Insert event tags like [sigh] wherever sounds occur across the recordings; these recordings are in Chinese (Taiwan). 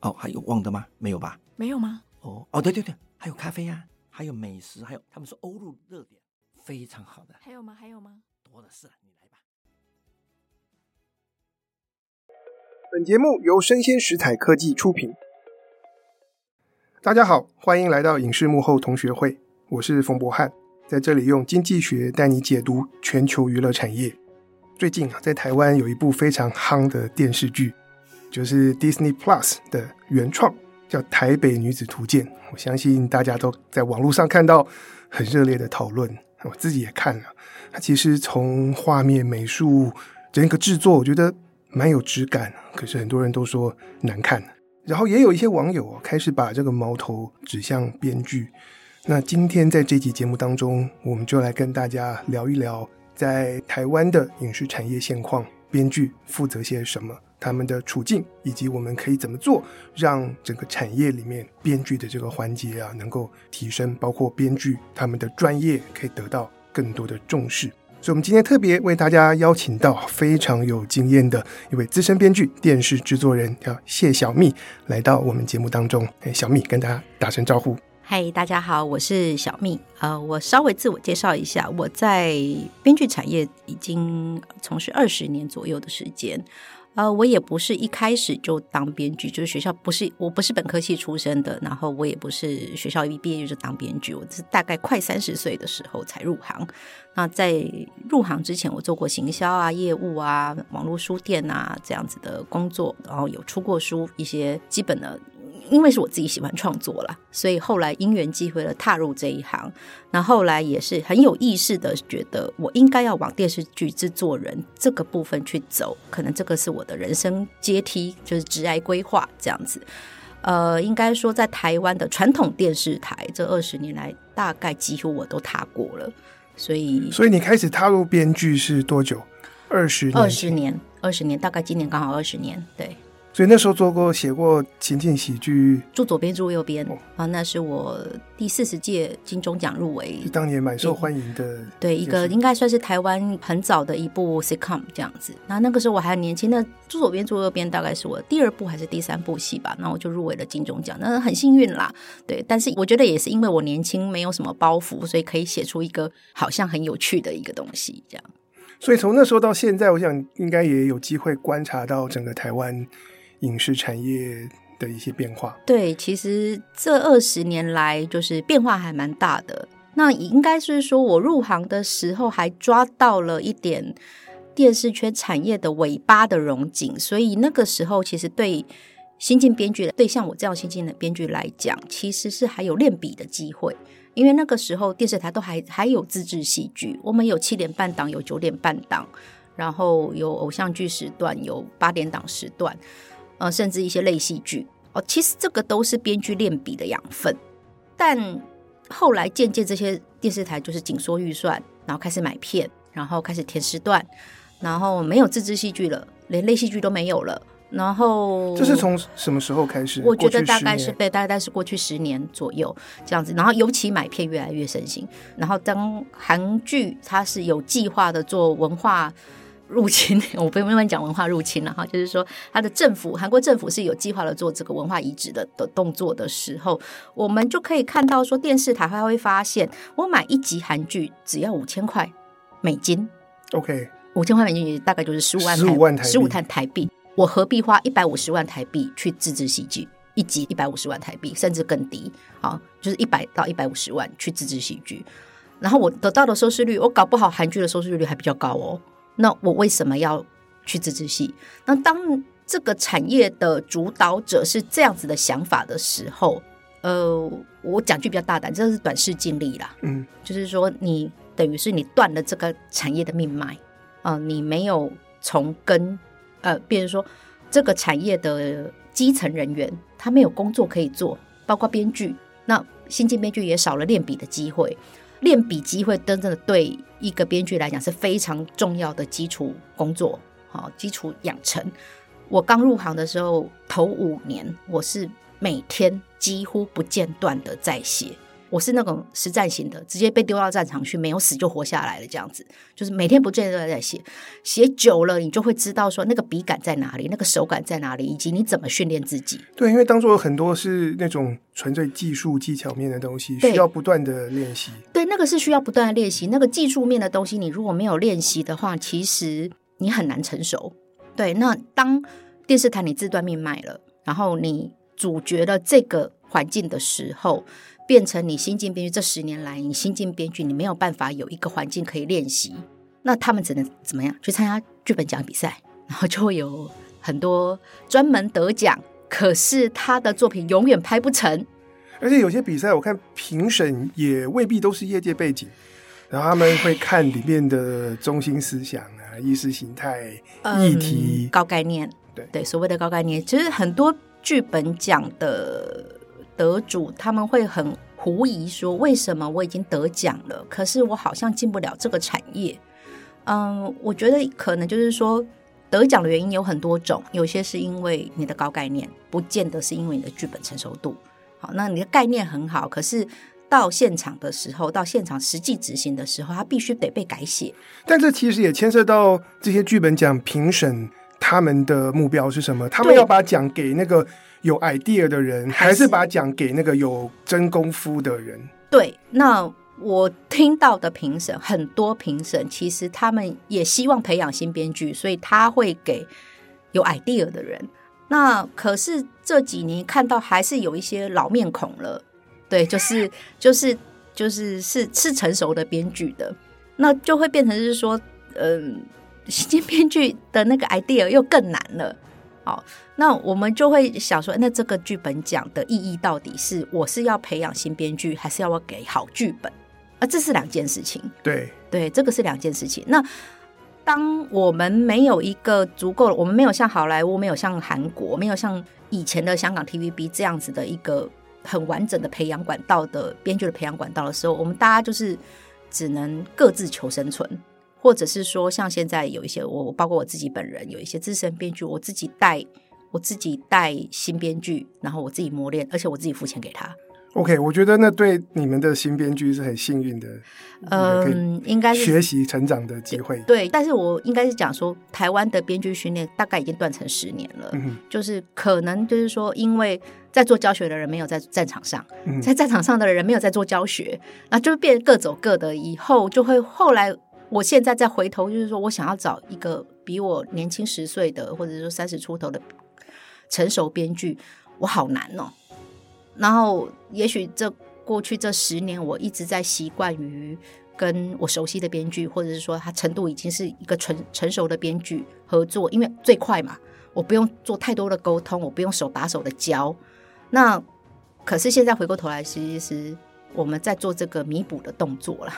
哦，還有忘的嗎？沒有吧？沒有嗎？哦哦，對對對，還有咖啡啊，還有美食，還有他們是歐陸熱點，非常好的。還有嗎？還有嗎？多的是啊，你來吧。本節目由聲鮮時采科技出品。大家好，歡迎來到影視幕後同學會，我是馮勃翰，在這裡用經濟學帶你解讀全球娛樂產業。最近啊，在台灣有一部非常夯的電視劇。就是 Disney Plus 的原創，叫《台北女子圖鑑》。我相信大家都在網絡上看到很熱烈的討論，我自己也看了。它其實從畫面、美術整個制作，我覺得蠻有質感。可是很多人都說難看，然後也有一些網友開始把這個矛頭指向編劇。那今天在這集節目當中，我們就來跟大家聊一聊在台灣的影視產業現況，編劇負責些什麼。他們的處境，以及我們可以怎麼做，讓整個產業裡面編劇的這個環節啊，能夠提升，包括編劇他們的專業可以得到更多的重視。所以，我們今天特別為大家邀請到非常有經驗的一位資深編劇、電視製作人，叫謝小蜜，來到我們節目當中。誒，小蜜，跟大家打聲招呼。嗨，大家好，我是小蜜。呃，我稍微自我介紹一下，我在編劇產業已經從事二十年左右的時間。呃，我也不是一開始就當編劇，就是學校不是，我不是本科系出身的，然後我也不是學校一畢業就當編劇，我就是大概快三十歲的時候才入行。那在入行之前，我做過行銷啊、業務啊、網絡書店啊這樣子的工作，然後有出過書，一些基本的。因為是我自己喜歡創作啦，所以後來因緣際會了踏入這一行。那後來也是很有意識的，覺得我應該要往電視劇制作人這個部分去走，可能這個是我的人生階梯，就是職業規劃這樣子。呃，應該說在台灣的傳統電視台，這二十年來大概幾乎我都踏過了。所以，所以你開始踏入編劇是多久？二十二十年，二十年，大概今年剛好二十年，對。所以那時候做過寫過情景喜劇《住左邊住右邊》啊。哦，那是我第四十屆金鐘獎入圍，當年蠻受歡迎的。對，一個應該算是台灣很早的一部 sitcom 這樣子。那那個時候我還年輕，那《住左邊住右邊》大概是我第二部還是第三部戲吧。那我就入圍了金鐘獎，那很幸運啦。對，但是我覺得也是因為我年輕，沒有什麼包袱，所以可以寫出一個好像很有趣的一個東西這樣。所以從那時候到現在，我想應該也有機會觀察到整個台灣。影視產業的一些變化，對，其實這二十年來就是變化還蠻大的。那應該是說我入行的時候還抓到了一點電視圈產業的尾巴的榮景，所以那個時候其實對新進編劇的，對像我這樣新進的編劇來講，其實是還有練筆的機會，因為那個時候電視台都還還有自製戲劇，我們有七點半檔，有九點半檔，然後有偶像劇時段，有八點檔時段。呃，甚至一些類戲劇哦，其實這個都是編劇練筆的養分。但後來漸漸這些電視台就是緊縮預算，然後開始買片，然後開始填時段，然後沒有自製戲劇了，連類戲劇都沒有了。然後是這是從什麼時候開始？我覺得大概是被大概是過去十年左右這樣子。然後尤其買片越來越盛行，然後當韓劇它是有計劃的做文化。入侵，我不用慢慢講文化入侵了哈，就是說，他的政府，韓國政府是有計劃的做這個文化移植的的動作的時候，我們就可以看到說，電視台還會發現，我買一集韓劇只要五千塊美金，OK，五千塊美金也大概就是十五萬台十五萬台幣，十五台幣我何必花一百五十萬台幣去自制喜劇？一集一百五十萬台幣，甚至更低，就是一百到一百五十萬去自制喜劇，然後我得到的收視率，我搞不好韓劇的收視率還比較高哦。那我為什麼要去自製戲？那當這個產業的主導者是這樣子的想法的時候，呃，我講句比較大膽，這是短視近利啦。嗯，就是說你等於是你斷了這個產業的命脈啊、呃，你沒有從根呃，比如說這個產業的基層人員，他沒有工作可以做，包括編劇，那新進編劇也少了練筆的機會。練筆機會真正的對一個編劇來講是非常重要的基礎工作，好基礎養成。我剛入行的時候，頭五年我是每天幾乎不間斷的在寫。我是那種實戰型的，直接被丟到戰場去，沒有死就活下來了。這樣子就是每天不間斷在寫，寫久了你就會知道說那個筆感在哪裡，那個手感在哪裡，以及你怎麼訓練自己。對，因為當中有很多是那種純粹技術技巧面的東西，需要不斷的練習。對，那個是需要不斷的練習。那個技術面的東西，你如果沒有練習的話，其實你很難成熟。對，那當電視台你自斷命脈了，然後你阻絕了這個環境的時候。變成你新進編劇，這十年來，你新進編劇你沒有辦法有一個環境可以練習，那他們只能怎麼樣？去參加劇本獎比賽，然後就會有很多專門得獎，可是他的作品永遠拍不成。而且有些比賽，我看評審也未必都是業界背景，然後他們會看裡面的中心思想啊、意識形態、議題、嗯、高概念，對，對所謂的高概念，其實很多劇本獎的。得主他們會很狐疑說，說為什麼我已經得獎了，可是我好像進不了這個產業。嗯，我覺得可能就是說得獎的原因有很多種，有些是因為你的高概念，不見得是因為你的劇本成熟度。好，那你的概念很好，可是到現場的時候，到現場實際執行的時候，它必須得被改寫。但這其實也牽涉到這些劇本獎評審他們的目標是什麼？他們要把獎給那個。有 idea 的人，還是把獎給那個有真功夫的人。對，那我聽到的評審，很多評審其實他們也希望培養新編劇，所以他會給有 idea 的人。那可是這幾年看到還是有一些老面孔了，對，就是就是就是是是成熟的編劇的，那就會變成是說，嗯、呃，新編劇的那個 idea 又更難了。好，那我們就會想說，那這個劇本獎的意義到底是我是要培養新編劇，還是要我給好劇本？啊，這是兩件事情。對對，這個是兩件事情。那當我們沒有一個足夠，我們沒有像好萊塢，沒有像韓國，沒有像以前的香港 TVB 這樣子的一個很完整的培養管道的編劇的培養管道的時候，我們大家就是只能各自求生存。或者是說，像現在有一些我，包括我自己本人有一些資深編劇，我自己帶，我自己帶新編劇，然後我自己磨練，而且我自己付錢給他。OK，我覺得那對你們的新編劇是很幸運的。嗯，應該學習成長的機會。對，但是我應該是講說，台灣的編劇訓練大概已經斷成十年了，嗯、哼就是可能就是說，因為在做教學的人沒有在戰場上，嗯、哼在戰場上的人沒有在做教學，那就變各走各的，以後就會後來。我現在再回頭，就是說我想要找一個比我年輕十歲的，或者說三十出頭的成熟編劇，我好難哦。然後，也許這過去這十年，我一直在習慣於跟我熟悉的編劇，或者是說他程度已經是一個成成熟的編劇合作，因為最快嘛，我不用做太多的溝通，我不用手把手的教。那可是現在回過頭來，其實我們在做這個彌補的動作了。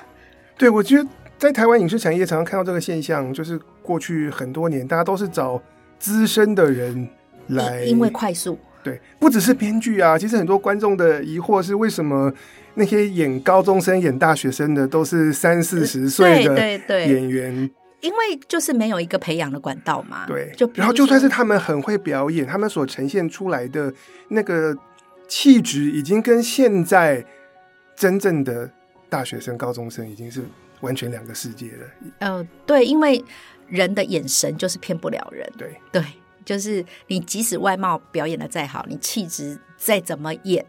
對，我覺得。在台灣影視產業，常常看到這個現象，就是過去很多年，大家都是找資深的人來，因為快速對，不只是編劇啊。其實很多觀眾的疑惑是，為什麼那些演高中生、演大學生的，都是三四十歲的演員？因為就是沒有一個培養的管道嘛。對，就然後就算是他們很會表演，他們所呈現出來的那個氣質，已經跟現在真正的大學生、高中生已經是。完全兩個世界了。嗯、呃，對，因為人的眼神就是騙不了人。對對，就是你即使外貌表演得再好，你氣質再怎麼演，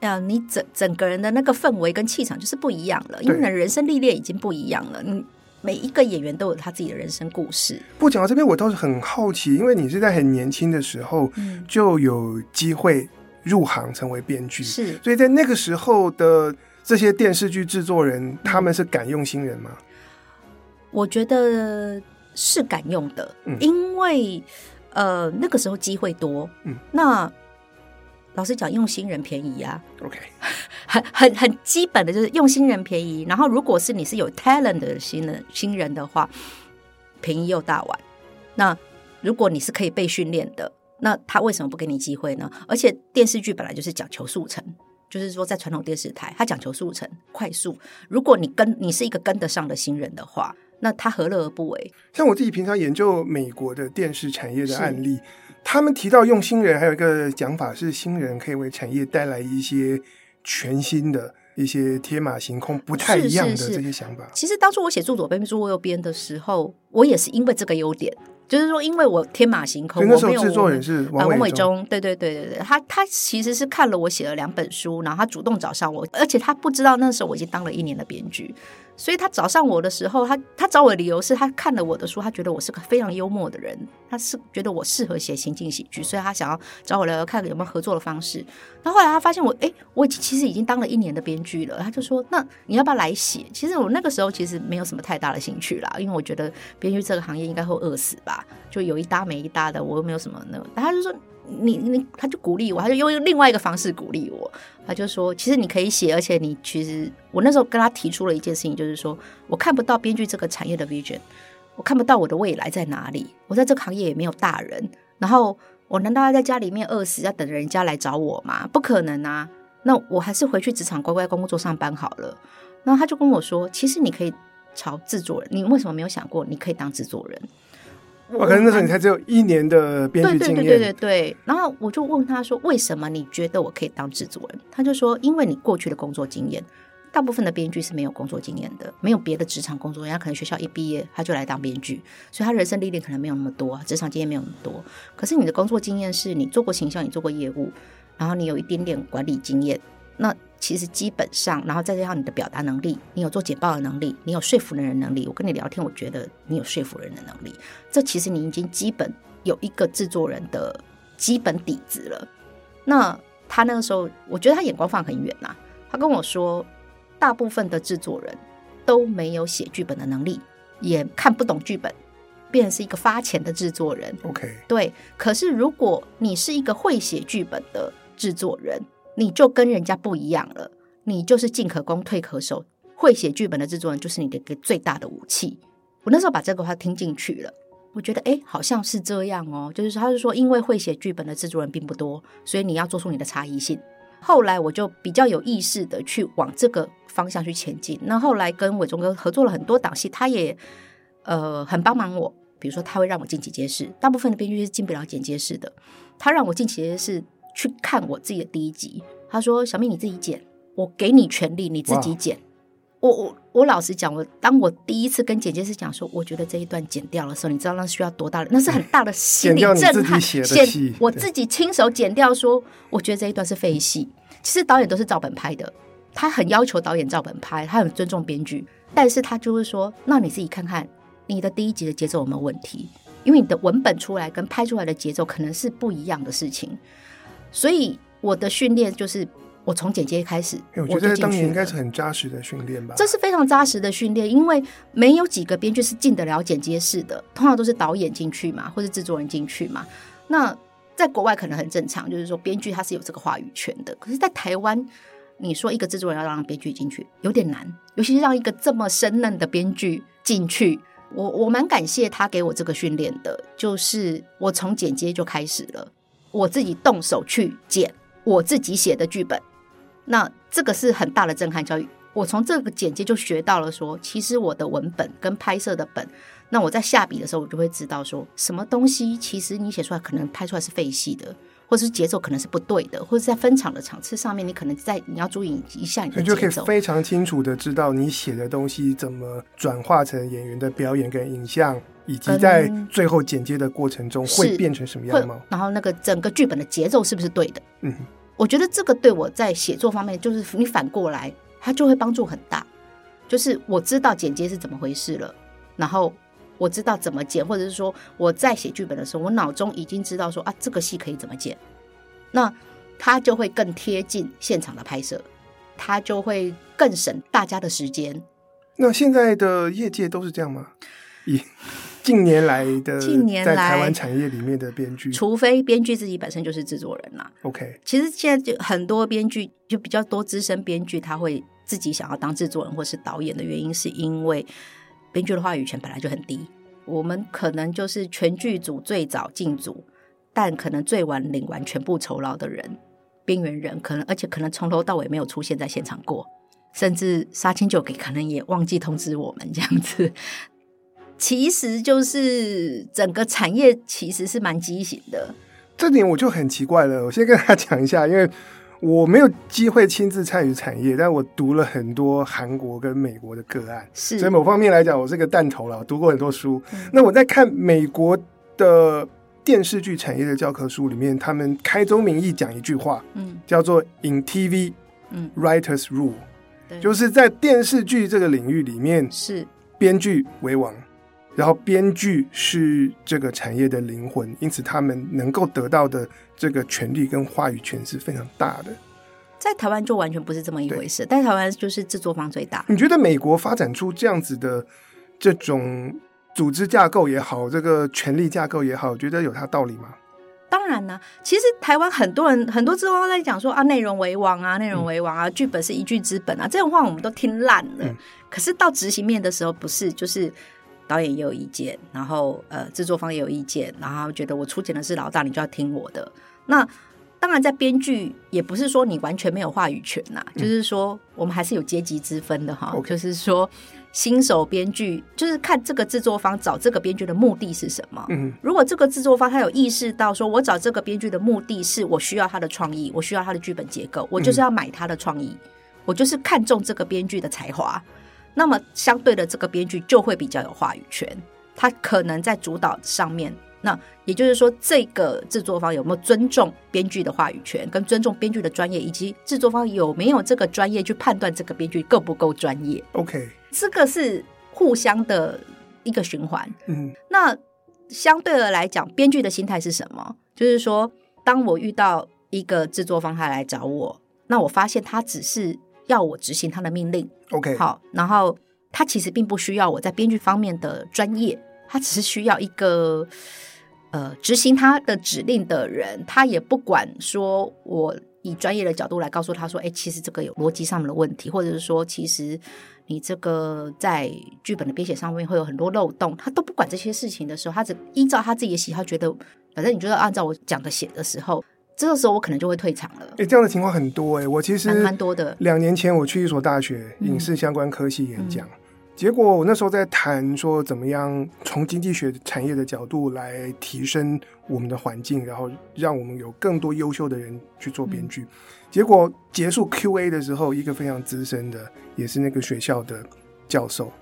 嗯、呃，你整整個人的那個氛圍跟氣場就是不一樣了，對因為人生歷練已經不一樣了。你每一個演員都有他自己的人生故事。不講到這邊，我倒是很好奇，因為你是在很年輕的時候、嗯、就有機會入行成為編劇，是，所以在那個時候的。這些電視劇制作人他們是敢用新人嗎？我覺得是敢用的，嗯、因為呃那個時候機會多。嗯、那老實講，用新人便宜啊。OK，很很很基本的就是用新人便宜。然後，如果是你是有 talent 的新人新人的話，便宜又大碗。那如果你是可以被訓練的，那他為什麼不給你機會呢？而且電視劇本來就是講求速成。就是說，在傳統電視台，它講求速成、快速。如果你跟，你是一個跟得上的新人的話，那他何樂而不為？像我自己平常研究美國的電視產業的案例，是他們提到用新人，還有一個講法是，新人可以為產業帶來一些全新的一些天馬行空、不太一樣的這些想法。是是是，其實當初我寫《住左邊，住右邊》的時候，我也是因為這個優點。就是說，因為我天馬行空，那時候制作人是王偉忠，對、呃、對對對對，他他其實是看了我寫了兩本書，然後他主動找上我，而且他不知道那時候我已經當了一年的編劇，所以他找上我的時候，他他找我的理由是他看了我的書，他覺得我是個非常幽默的人，他是覺得我適合寫情景喜劇，所以他想要找我聊聊看有沒有合作的方式。然後後來他發現我，誒，我其實已經當了一年的編劇了。他就說：“那你要不要來寫？”其實我那個時候其實沒有什麼太大的興趣啦，因為我覺得編劇這個行業應該會餓死吧，就有一搭沒一搭的，我又沒有什麼那。他就說：“你你，他就鼓勵我，他就用另外一個方式鼓勵我。他就說：其實你可以寫，而且你其實我那時候跟他提出了一件事情，就是說我看不到編劇這個產業的 vision，我看不到我的未來在哪裡，我在這個行業也沒有大人。然後。”我難道要在家裡面餓死，要等着人家來找我嗎？不可能啊！那我還是回去職場乖乖工作上班好了。然後他就跟我說：“其實你可以朝製作人，你為什麼沒有想過你可以當製作人？”哇我問可能那時候你才只有一年的編劇經驗。對對，對對對對。然後我就問他說：“為什麼你覺得我可以當製作人？”他就說：“因為你過去的工作經驗。”大部分的編劇是沒有工作經驗的，沒有別的職場工作人員，可能學校一畢業他就來當編劇，所以他人生歷練可能沒有那麼多，職場經驗沒有那麼多。可是你的工作經驗是你做過行銷，你做過業務，然後你有一點點管理經驗，那其實基本上，然後再加上你的表達能力，你有做簡報的能力，你有說服的人的能力。我跟你聊天，我覺得你有說服人的能力，這其實你已經基本有一個制作人的基本底子了。那他那個時候，我覺得他眼光放很遠吶、啊，他跟我說。大部分的製作人都沒有寫劇本的能力，也看不懂劇本，便是一個發錢的製作人。OK，對。可是如果你是一個會寫劇本的製作人，你就跟人家不一樣了。你就是進可攻退可守，會寫劇本的製作人就是你的一個最大的武器。我那時候把這個話聽進去了，我覺得哎、欸，好像是這樣哦、喔。就是他是說，因為會寫劇本的製作人並不多，所以你要做出你的差異性。後來我就比較有意識的去往這個方向去前進。那後來跟偉忠哥合作了很多檔戲，他也呃很幫忙我。比如說，他會讓我進剪接室，大部分的編劇是進不了剪接室的。他讓我進剪接室去看我自己的第一集，他說：“小蜜，你自己剪，我給你權利，你自己剪。哇我”我我。我老實講，我當我第一次跟剪接師講說，我覺得這一段剪掉的時候，你知道那需要多大的，那是很大的心理震撼。剪掉你自己寫的戲，剪，我自己親手剪掉，說我覺得這一段是廢戲。對其實導演都是照本拍的，他很要求導演照本拍，他很尊重編劇，但是他就會說：那你自己看看你的第一集的節奏有沒有問題？因為你的文本出來跟拍出來的節奏可能是不一樣的事情。所以我的訓練就是。我從剪接開始，我覺得當年應該是很扎實的訓練吧。這是非常扎實的訓練，因為沒有幾個編劇是進得了剪接室的，通常都是導演進去嘛，或者制作人進去嘛。那在國外可能很正常，就是說編劇他是有這個話語權的。可是，在台灣，你說一個制作人要讓編劇進去有點難，尤其是讓一個這麼生嫩的編劇進去。我我蠻感謝他給我這個訓練的，就是我從剪接就開始了，我自己動手去剪我自己寫的劇本。那這個是很大的震撼教育。我從這個剪接就學到了說，說其實我的文本跟拍攝的本，那我在下筆的時候，我就會知道說什麼東西。其實你寫出來可能拍出來是廢戲的，或者是節奏可能是不對的，或者在分場的場次上面，你可能在你要注意一下。你就可以非常清楚的知道你寫的東西怎麼轉化成演員的表演跟影像，以及在最後剪接的過程中會變成什麼樣的嗎？嗯。然後那個整個劇本的節奏是不是對的？嗯。我覺得這個對我在寫作方面，就是你反過來，它就會幫助很大。就是我知道剪接是怎麼回事了，然後我知道怎麼剪，或者是說我在寫劇本的時候，我腦中已經知道說啊，這個戲可以怎麼剪，那它就會更貼近現場的拍攝，它就會更省大家的時間。那現在的業界都是這樣嗎？咦、yeah.。近年來的近年來在台灣產業裡面的編劇，除非編劇自己本身就是制作人、啊、OK，其實現在就很多編劇就比較多資深編劇，他會自己想要當制作人或是導演的原因，是因為編劇的話語權本來就很低。我們可能就是全劇組最早進組，但可能最晚領完全部酬勞的人，邊緣人，可能而且可能從頭到尾沒有出現在現場過，甚至殺青酒給可能也忘記通知我們這樣子。其實就是整個產業其實是蠻畸形的，這點我就很奇怪了。我先跟大家講一下，因為我沒有機會親自參與產業，但我讀了很多韓國跟美國的個案，是。所以某方面來講，我是個蛋頭了。我讀過很多書，嗯，那我在看美國的電視劇產業的教科書裡面，他們開宗明義講一句話，嗯，叫做 In TV，嗯，writers rule，對，就是在電視劇這個領域裡面是編劇為王。然後編劇是這個產業的靈魂，因此他們能夠得到的這個權利跟話語權是非常大的。在台灣就完全不是這麼一回事，對但是台灣就是制作方最大。你覺得美國發展出這樣子的這種組織架構也好，這個權力架構也好，覺得有它道理嗎？當然啦、啊，其實台灣很多人很多製作人都在講說啊，內容為王啊，內容為王啊，嗯、劇本是一劇之本啊，這種話我們都聽爛了。嗯、可是到執行面的時候，不是就是。導演也有意見，然後呃制作方也有意見，然後覺得我出錢的是老大，你就要聽我的。那當然，在編劇也不是說你完全沒有話語權吶、啊，嗯、就是說我們還是有階級之分的哈。Okay. 就是說，新手編劇就是看這個制作方找這個編劇的目的是什麼。嗯。如果這個制作方他有意識到，說我找這個編劇的目的是我需要他的創意，我需要他的劇本結構，我就是要買他的創意，嗯、我就是看中這個編劇的才華。那麼，相對的，這個編劇就會比較有話語權。他可能在主導上面，那也就是說，這個制作方有沒有尊重編劇的話語權，跟尊重編劇的專業，以及制作方有沒有這個專業去判斷這個編劇夠不夠專業？OK，這個是互相的一個循環。嗯，那相對的來講，編劇的心態是什麼？就是說，當我遇到一個制作方他來找我，那我發現他只是要我執行他的命令。OK，好，然後他其實並不需要我在編劇方面的專業，他只是需要一個呃執行他的指令的人。他也不管說，我以專業的角度來告訴他說，哎、欸，其實這個有邏輯上面的問題，或者是說，其實你這個在劇本的編寫上面會有很多漏洞，他都不管這些事情的時候，他只依照他自己的喜好，覺得反正你就是按照我講的寫的時候。這個時候我可能就會退場了。哎、欸，這樣的情況很多，哎、欸，我其實蠻多的。兩年前我去一所大學影視相關科系演講，嗯嗯、結果我那時候在談說怎麼樣從經濟學產業的角度來提升我們的環境，然後讓我們有更多優秀的人去做編劇。嗯、結果結束 Q&A 的時候，一個非常資深的，也是那個學校的教授，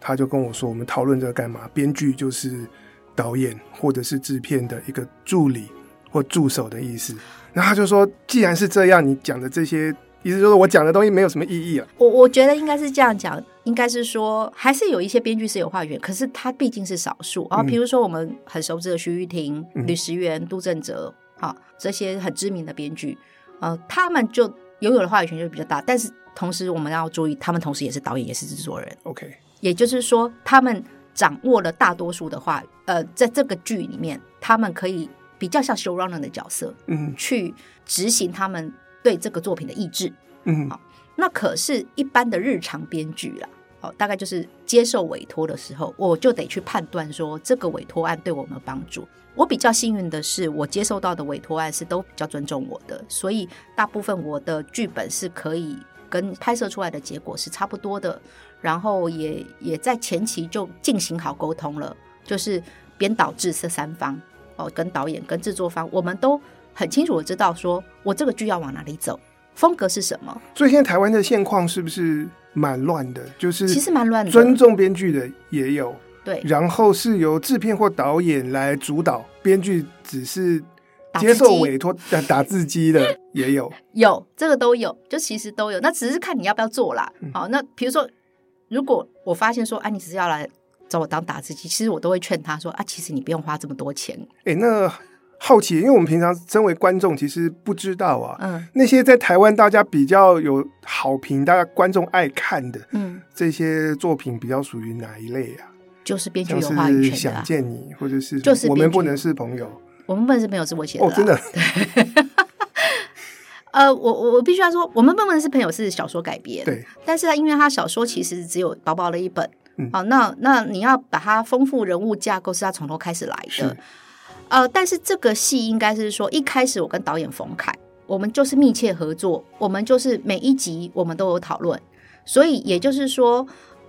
他就跟我說：“我們討論這個幹嘛？編劇就是導演或者是製片的一個助理。”或助手的意思，然後他就說：“既然是這樣，你講的這些，意思就是我講的東西沒有什麼意義啊。我我覺得應該是這樣講，應該是說還是有一些編劇是有話語權，可是他畢竟是少數。嗯、然後，比如說我們很熟知的徐譽庭、呂蒔媛、杜政哲，啊，這些很知名的編劇，呃，他們就擁有，有的話語權就比較大。但是同時，我們要注意，他們同時也是導演，也是制作人。OK，也就是說，他們掌握了大多數的話，呃，在這個劇裡面，他們可以。比較像 showrunner 的角色，嗯，去執行他們對這個作品的意志，嗯，好、哦，那可是一般的日常編劇啦。哦，大概就是接受委托的時候，我就得去判斷說這個委托案對我們有幫助。我比較幸運的是，我接受到的委托案是都比較尊重我的，所以大部分我的劇本是可以跟拍攝出來的結果是差不多的，然後也也在前期就進行好溝通了，就是編導制這三方。跟導演、跟製作方，我們都很清楚的知道說，說我這個劇要往哪裡走，風格是什麼。所以現在台灣的現況是不是蠻亂的？就是其實蠻亂的，尊重編劇的也有，對。然後是由製片或導演來主導，編劇只是接受委託打打字機的也有， [laughs] 有這個都有，就其實都有，那只是看你要不要做啦。好、嗯，哦，那比如說，如果我發現說，哎、啊，你只是要來。找我當打字機，其實我都會勸他說：“啊，其實你不用花這麼多錢。”哎、欸，那好奇，因為我們平常身為觀眾，其實不知道啊。嗯，那些在台灣大家比較有好評，大家觀眾愛看的，嗯，這些作品比較屬於哪一類啊？就是編劇的話語權想見你，或者是就是我們不能是朋友，我們不能是朋友是我寫的。哦，真的？對 [laughs] 呃，我我我必須要說，我們不能是朋友是小說改編，對。但是他因為他小說其實只有薄薄的一本。好、哦，那那你要把它豐富人物架構是要從頭開始來的，是呃，但是這個戲應該是說一開始我跟導演馮凱，我們就是密切合作，我們就是每一集我們都有討論，所以也就是說，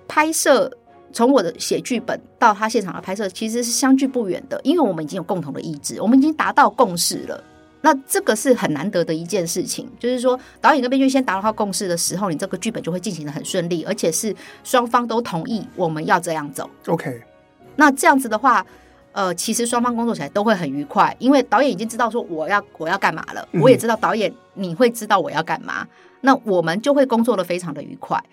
拍攝從我的寫劇本到他現場的拍攝其實是相距不遠的，因為我們已經有共同的意志，我們已經達到共識了。那這個是很難得的一件事情，就是說導演跟編劇先達到共識的時候，你這個劇本就會進行的很順利，而且是雙方都同意我們要這樣走。OK，那這樣子的話，呃，其實雙方工作起來都會很愉快，因為導演已經知道說我要我要幹嘛了，我也知道導演你會知道我要幹嘛，那我們就會工作的非常的愉快。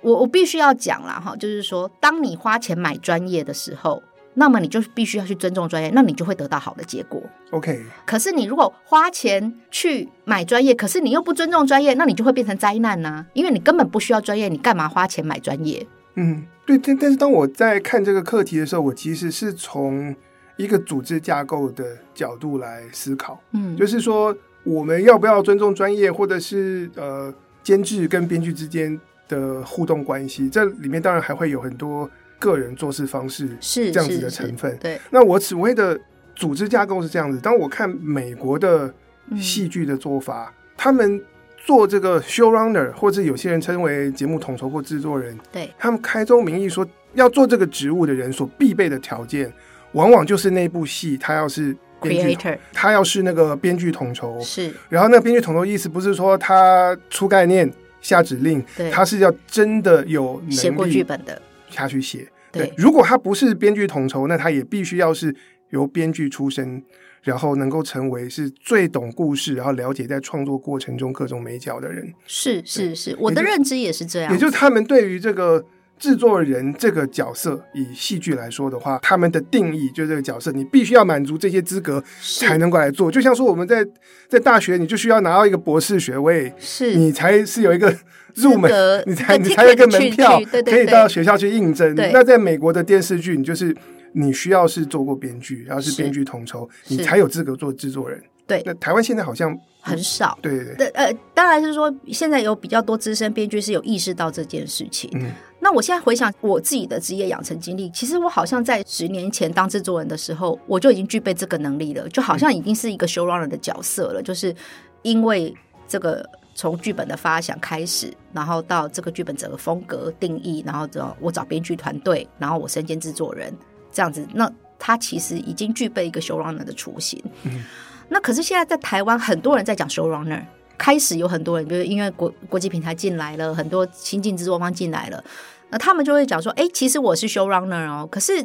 我我必須要講啦哈，就是說當你花錢買專業的時候，那麼你就必須要去尊重專業，那你就會得到好的結果。OK，可是你如果花錢去買專業，可是你又不尊重專業，那你就會變成災難呢、啊。因為你根本不需要專業，你幹嘛花錢買專業？嗯，對。但但是當我在看這個課題的時候，我其實是從一個組織架構的角度來思考。嗯，就是說我們要不要尊重專業，或者是呃，監製跟編劇之間的互動關係？這裡面當然還會有很多個人做事方式是這樣子的成分。對。那我所謂的。組織架構是這樣子。當我看美國的戲劇的做法，嗯、他們做這個 showrunner，或者有些人稱為節目統籌或製作人，對他們開宗明義說要做這個職務的人所必備的條件，往往就是那部戲他要是編劇 creator，他要是那個編劇統籌是。然後那個編劇統籌意思不是說他出概念，下指令，對，他是要真的有能力寫，寫過劇本的下去寫。對，對，如果他不是編劇統籌，那他也必須要是。由編劇出身，然後能夠成為是最懂故事，然後了解在創作過程中各種美角的人，是是是，是是對我的認知也是這樣也。也就是他們對於這個制作人這個角色，以戲劇來說的話，他們的定義就是這個角色，嗯、你必須要滿足這些資格才能夠來做。是就像說我們在在大學，你就需要拿到一個博士學位，是你才是有一個入門，這個、你才 the ticket 你才有一個門票對對對對，可以到學校去應徵。對那在美國的電視劇，你就是。你需要是做過編劇，然後是編劇統籌，是，你才有資格做制作人。對，那台灣現在好像很少。對對對，呃，當然是說現在有比較多資深編劇是有意識到這件事情。嗯，那我現在回想我自己的職業養成經歷，其實我好像在十年前當制作人的時候，我就已經具備這個能力了，就好像已經是一個 showrunner 的角色了。就是因為這個從劇本的發想開始，然後到這個劇本整個風格定義，然後找我找編劇團隊，然後我身兼制作人。這樣子，那他其實已經具備一個 showrunner 的雛形。嗯、那可是現在在台灣，很多人在講 showrunner，開始有很多人，比如因為國國際平台進來了，很多新進制作方進來了，那他們就會講說：“哎、欸，其實我是 showrunner 哦。”可是，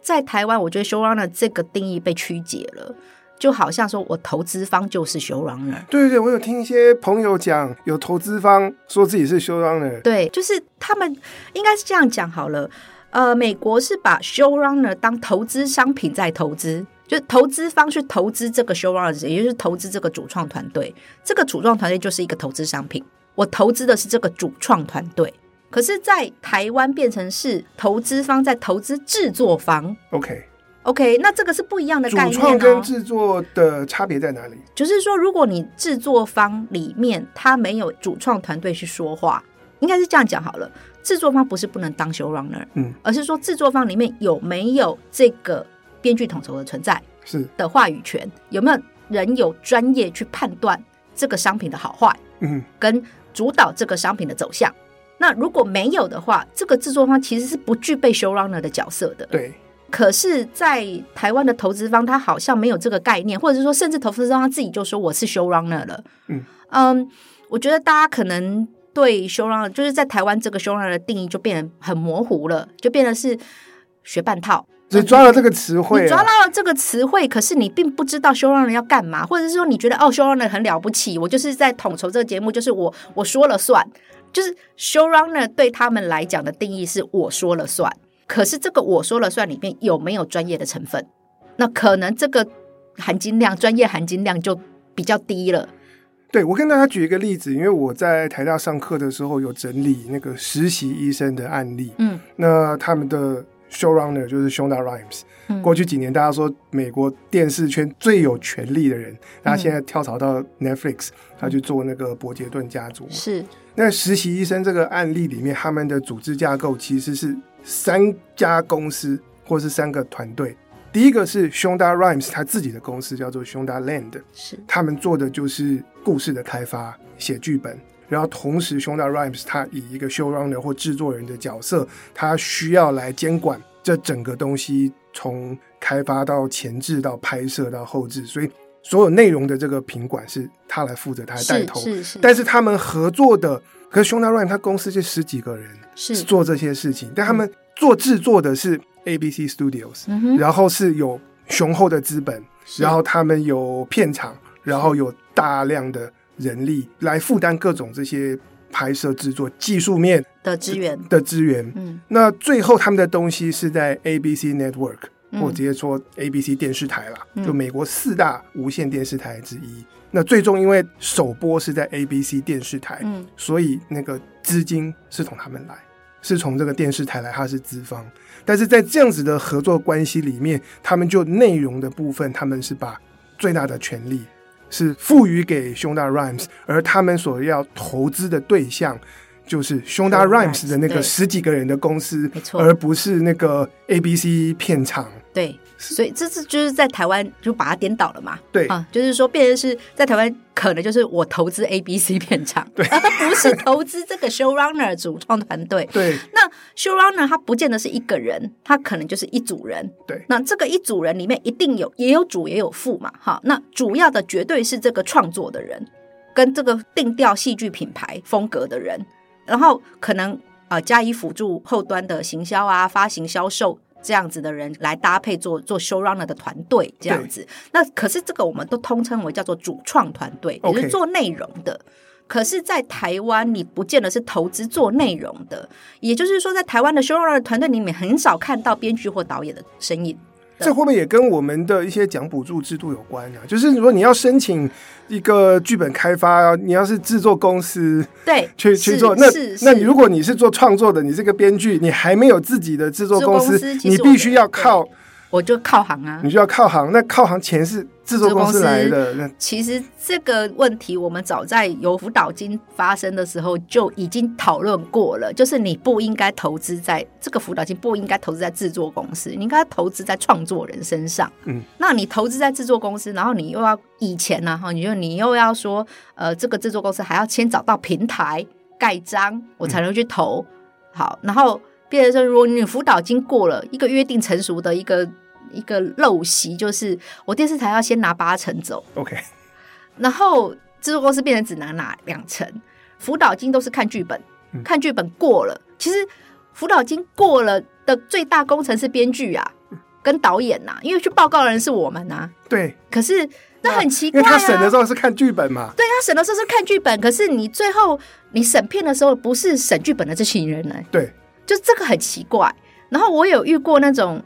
在台灣，我覺得 showrunner 這個定義被曲解了，就好像說我投資方就是 showrunner。對對對，我有聽一些朋友講，有投資方說自己是 showrunner。對，就是他們應該是這樣講好了。呃，美國是把 showrunner 當投資商品在投資，就是投資方去投資這個 showrunner，也就是投資這個主創團隊。這個主創團隊就是一個投資商品，我投資的是這個主創團隊。可是，在台灣變成是投資方在投資製作方。OK OK，那這個是不一樣的概念哦。主創跟製作的差別在哪裡？就是說，如果你製作方裡面他沒有主創團隊去說話，應該是這樣講好了。製作方不是不能當 show runner，嗯，而是說制作方裡面有沒有這個編劇統籌的存在，是的話語權是有沒有人有專業去判斷這個商品的好壞，嗯，跟主導這個商品的走向。那如果沒有的話，這個制作方其實是不具備 show runner 的角色的。對，可是，在台灣的投資方他好像沒有這個概念，或者是說，甚至投資方他自己就說我是 show runner 了。嗯嗯，um, 我覺得大家可能。對修 h 就是在台灣這個修 h 的定義就變得很模糊了，就變得是學半套。所以抓了這個詞彙，嗯、抓到了這個詞彙，可是你並不知道修 h o 要幹嘛，或者是說你覺得哦，修 h o 很了不起，我就是在統籌這個節目，就是我我說了算。就是修 h 呢，對他們來講的定義是我說了算，可是這個我說了算裡面有沒有專業的成分？那可能這個含金量、專業含金量就比較低了。對，我跟大家舉一個例子，因為我在台大上課的時候有整理那個實習醫生的案例。嗯，那他們的 showrunner 就是 Shonda Rhimes，嗯、 過去幾年大家說美國電視圈最有權力的人，他現在跳槽到 Netflix，嗯、他去做那個伯傑頓家族。是，那實習醫生這個案例裡面，他們的組織架構其實是三家公司或是三個團隊。第一個是 Shonda Rhimes 他自己的公司叫做 Shondaland，是他們做的就是故事的開發、寫劇本，然後同時 Shonda Rhimes 他以一個 showrunner 或制作人的角色，他需要來監管這整個東西從開發到前置到拍攝到後置。所以所有內容的這個品管是他來負責，他來帶頭。是是是，但是他們合作的，可是 Shonda Rhimes 他公司就十幾個人是做這些事情，是但他們做制作的是。ABC Studios，、嗯、哼然後是有雄厚的資本，是然後他們有片場，然後有大量的人力來負擔各種這些拍攝製作技術面的資源的資源。嗯，那最後他們的東西是在 ABC Network，我、嗯、直接說 ABC 電視台啦，嗯、就美國四大無線電視台之一。那最終因為首播是在 ABC 電視台，嗯、所以那個資金是從他們來。是從這個電視台來，他是資方，但是在這樣子的合作關係裡面，他們就內容的部分，他們是把最大的權利是賦予給 Shonda Rhimes,、嗯、 而他們所要投資的對象就是 Shonda、嗯、Rhimes 的那個十幾個人的公司，沒錯，而不是那個 ABC 片場，對。是所以這次就是在台灣就把它顛倒了嘛，對啊，就是說變成是在台灣可能就是我投資 A B C 片廠，對，不是投資這個 Showrunner 主創團隊，對。那 Showrunner 他不見得是一個人，他可能就是一組人，對。那這個一組人裡面一定有也有主也有副嘛，哈。那主要的絕對是這個創作的人跟這個定調戲劇品牌風格的人，然後可能啊、呃、加以輔助後端的行銷啊發行銷售。這樣子的人來搭配做做 showrunner 的團隊，這樣子。對那可是這個我們都通稱為叫做主創團隊，Okay 也就是做內容的。可是，在台灣，你不見得是投資做內容的。也就是說，在台灣的 showrunner 的團隊裡面，很少看到編劇或導演的身影。對這會不會也跟我們的一些獎補助制度有關呢？啊？就是你說你要申請一個劇本開發、啊，你要是製作公司，對，去去做是那那如果你是做創作的，你是個編劇，你還沒有自己的製作公司，公司你必須要靠我，我就靠行啊，你就要靠行，那靠行錢是。製作公司，公司來其實這個問題我們早在有輔導金發生的時候就已經討論過了。就是你不應該投資在這個輔導金，不應該投資在製作公司，你應該投資在創作人身上。嗯，那你投資在製作公司，然後你又要以前呢、啊、哈，你就你又要說，呃，這個製作公司還要先找到平台蓋章，我才能去投。嗯、好，然後變成說如果你輔導金過了一個約定成熟的一個。一個陋習就是，我電視台要先拿八成走，OK，然後製作公司變成只拿拿兩成。輔導金都是看劇本，看劇本過了，其實輔導金過了的最大功臣是編劇啊，跟導演吶、啊，因為去報告的人是我們吶，對，可是那很奇怪，因為他審的時候是看劇本嘛，對，他審的時候是看劇本，可是你最後你審片的時候不是審劇本的這群人呢？對，就是這個很奇怪，然後我有遇過那種。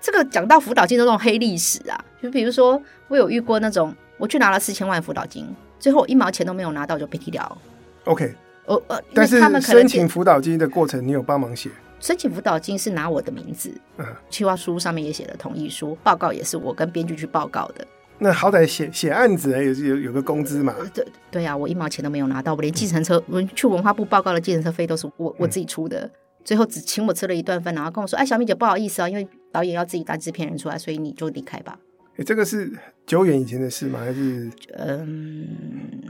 這個講到輔導金的那種黑歷史啊，就比如說我有遇過那種，我去拿了四千萬輔導金，最後一毛錢都沒有拿到就被踢掉。OK，我呃，但是他們可能申請輔導金的過程你有幫忙寫？申請輔導金是拿我的名字，嗯，企劃書上面也寫了同意書，報告也是我跟編劇去報告的。那好歹寫寫案子也是有有個工資嘛？呃、對對呀、啊，我一毛錢都沒有拿到，我連計程車，我、嗯、去文化部報告的計程車費都是我我自己出的，嗯、最後只請我吃了一頓飯，然後跟我說：“哎，小蜜姐，不好意思啊，因為。”導演要自己當製片人出來，所以你就離開吧。欸，這個是久遠以前的事嗎？還是嗯，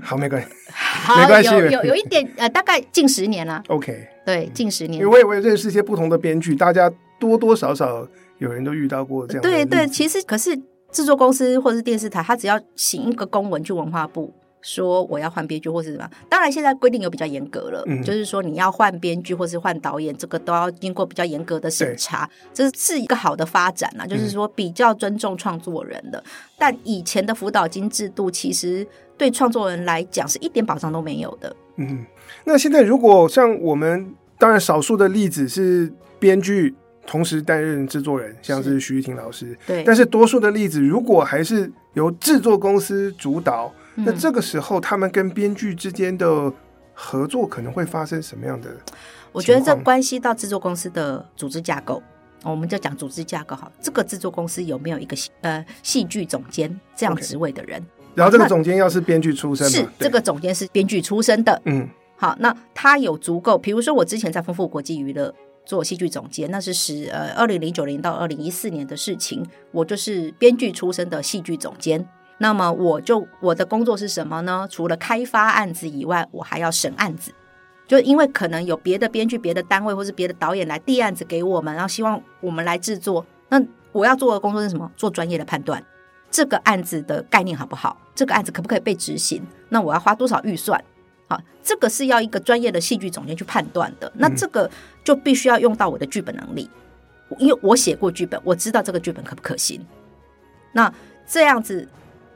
好，沒關係，好沒關係。有有有一點呃，大概近十年了。OK，對，近十年，因、嗯、為我也認識一些不同的編劇，大家多多少少有人都遇到過這樣的。對對，其實可是製作公司或是電視台，他只要寫一個公文去文化部。說我要換編劇或是什麼？當然現在規定有比較嚴格了，就是說你要換編劇或是換導演，這個都要經過比較嚴格的審查，這是一個好的發展吶。就是說比較尊重創作人的，但以前的輔導金制度其實對創作人來講是一點保障都沒有的。嗯，那現在如果像我們，當然少數的例子是編劇同時擔任制作人，像是徐玉婷老師，對。但是多數的例子，如果還是由制作公司主導。那這個時候，他們跟編劇之間的合作可能會發生什麼樣的？我覺得這關係到制作公司的組織架構。我們就講組織架構哈，這個制作公司有沒有一個戲呃戲劇總監這樣職位的人？Okay. 然後這個總監要是編劇出身，是對這個總監是編劇出身的。嗯，好，那他有足夠，比如說我之前在豐富國際娛樂做戲劇總監，那是十呃二零零九年到二零一四年的事情，我就是編劇出身的戲劇總監。那麼我就我的工作是什麼呢？除了開發案子以外，我還要審案子。就因為可能有別的編劇、別的單位或者別的導演來遞案子給我們，然後希望我們來制作。那我要做的工作是什麼？做專業的判斷，這個案子的概念好不好？這個案子可不可以被執行？那我要花多少預算？好、啊，這個是要一個專業的戲劇總監去判斷的。那這個就必須要用到我的劇本能力，因為我寫過劇本，我知道這個劇本可不可行。那這樣子。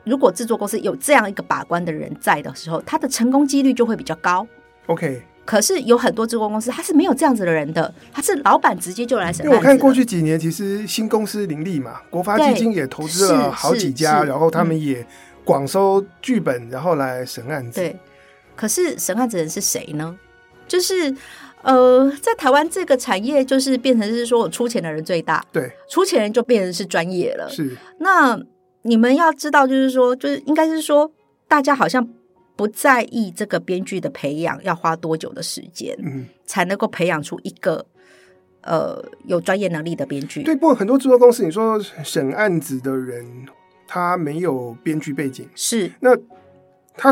如果製作公司有這樣一個把關的人在的時候，他的成功幾率就會比較高。OK，可是有很多製作公司他是沒有這樣子的人的，他是老闆直接就來審案子的。因為我看過去幾年其實新公司林立嘛，國發基金也投資了好幾家，然後他們也廣收劇本，嗯、然後來審案子。對，可是審案子的人是誰呢？就是呃，在台灣這個產業，就是變成是說我出錢的人最大，對，出錢人就變成是專業了。是，那。你們要知道，就是說，就是應該是說，大家好像不在意這個編劇的培養要花多久的時間，嗯，才能夠培養出一個呃有專業能力的編劇。對，不過很多制作公司，你說審案子的人他沒有編劇背景，是，那他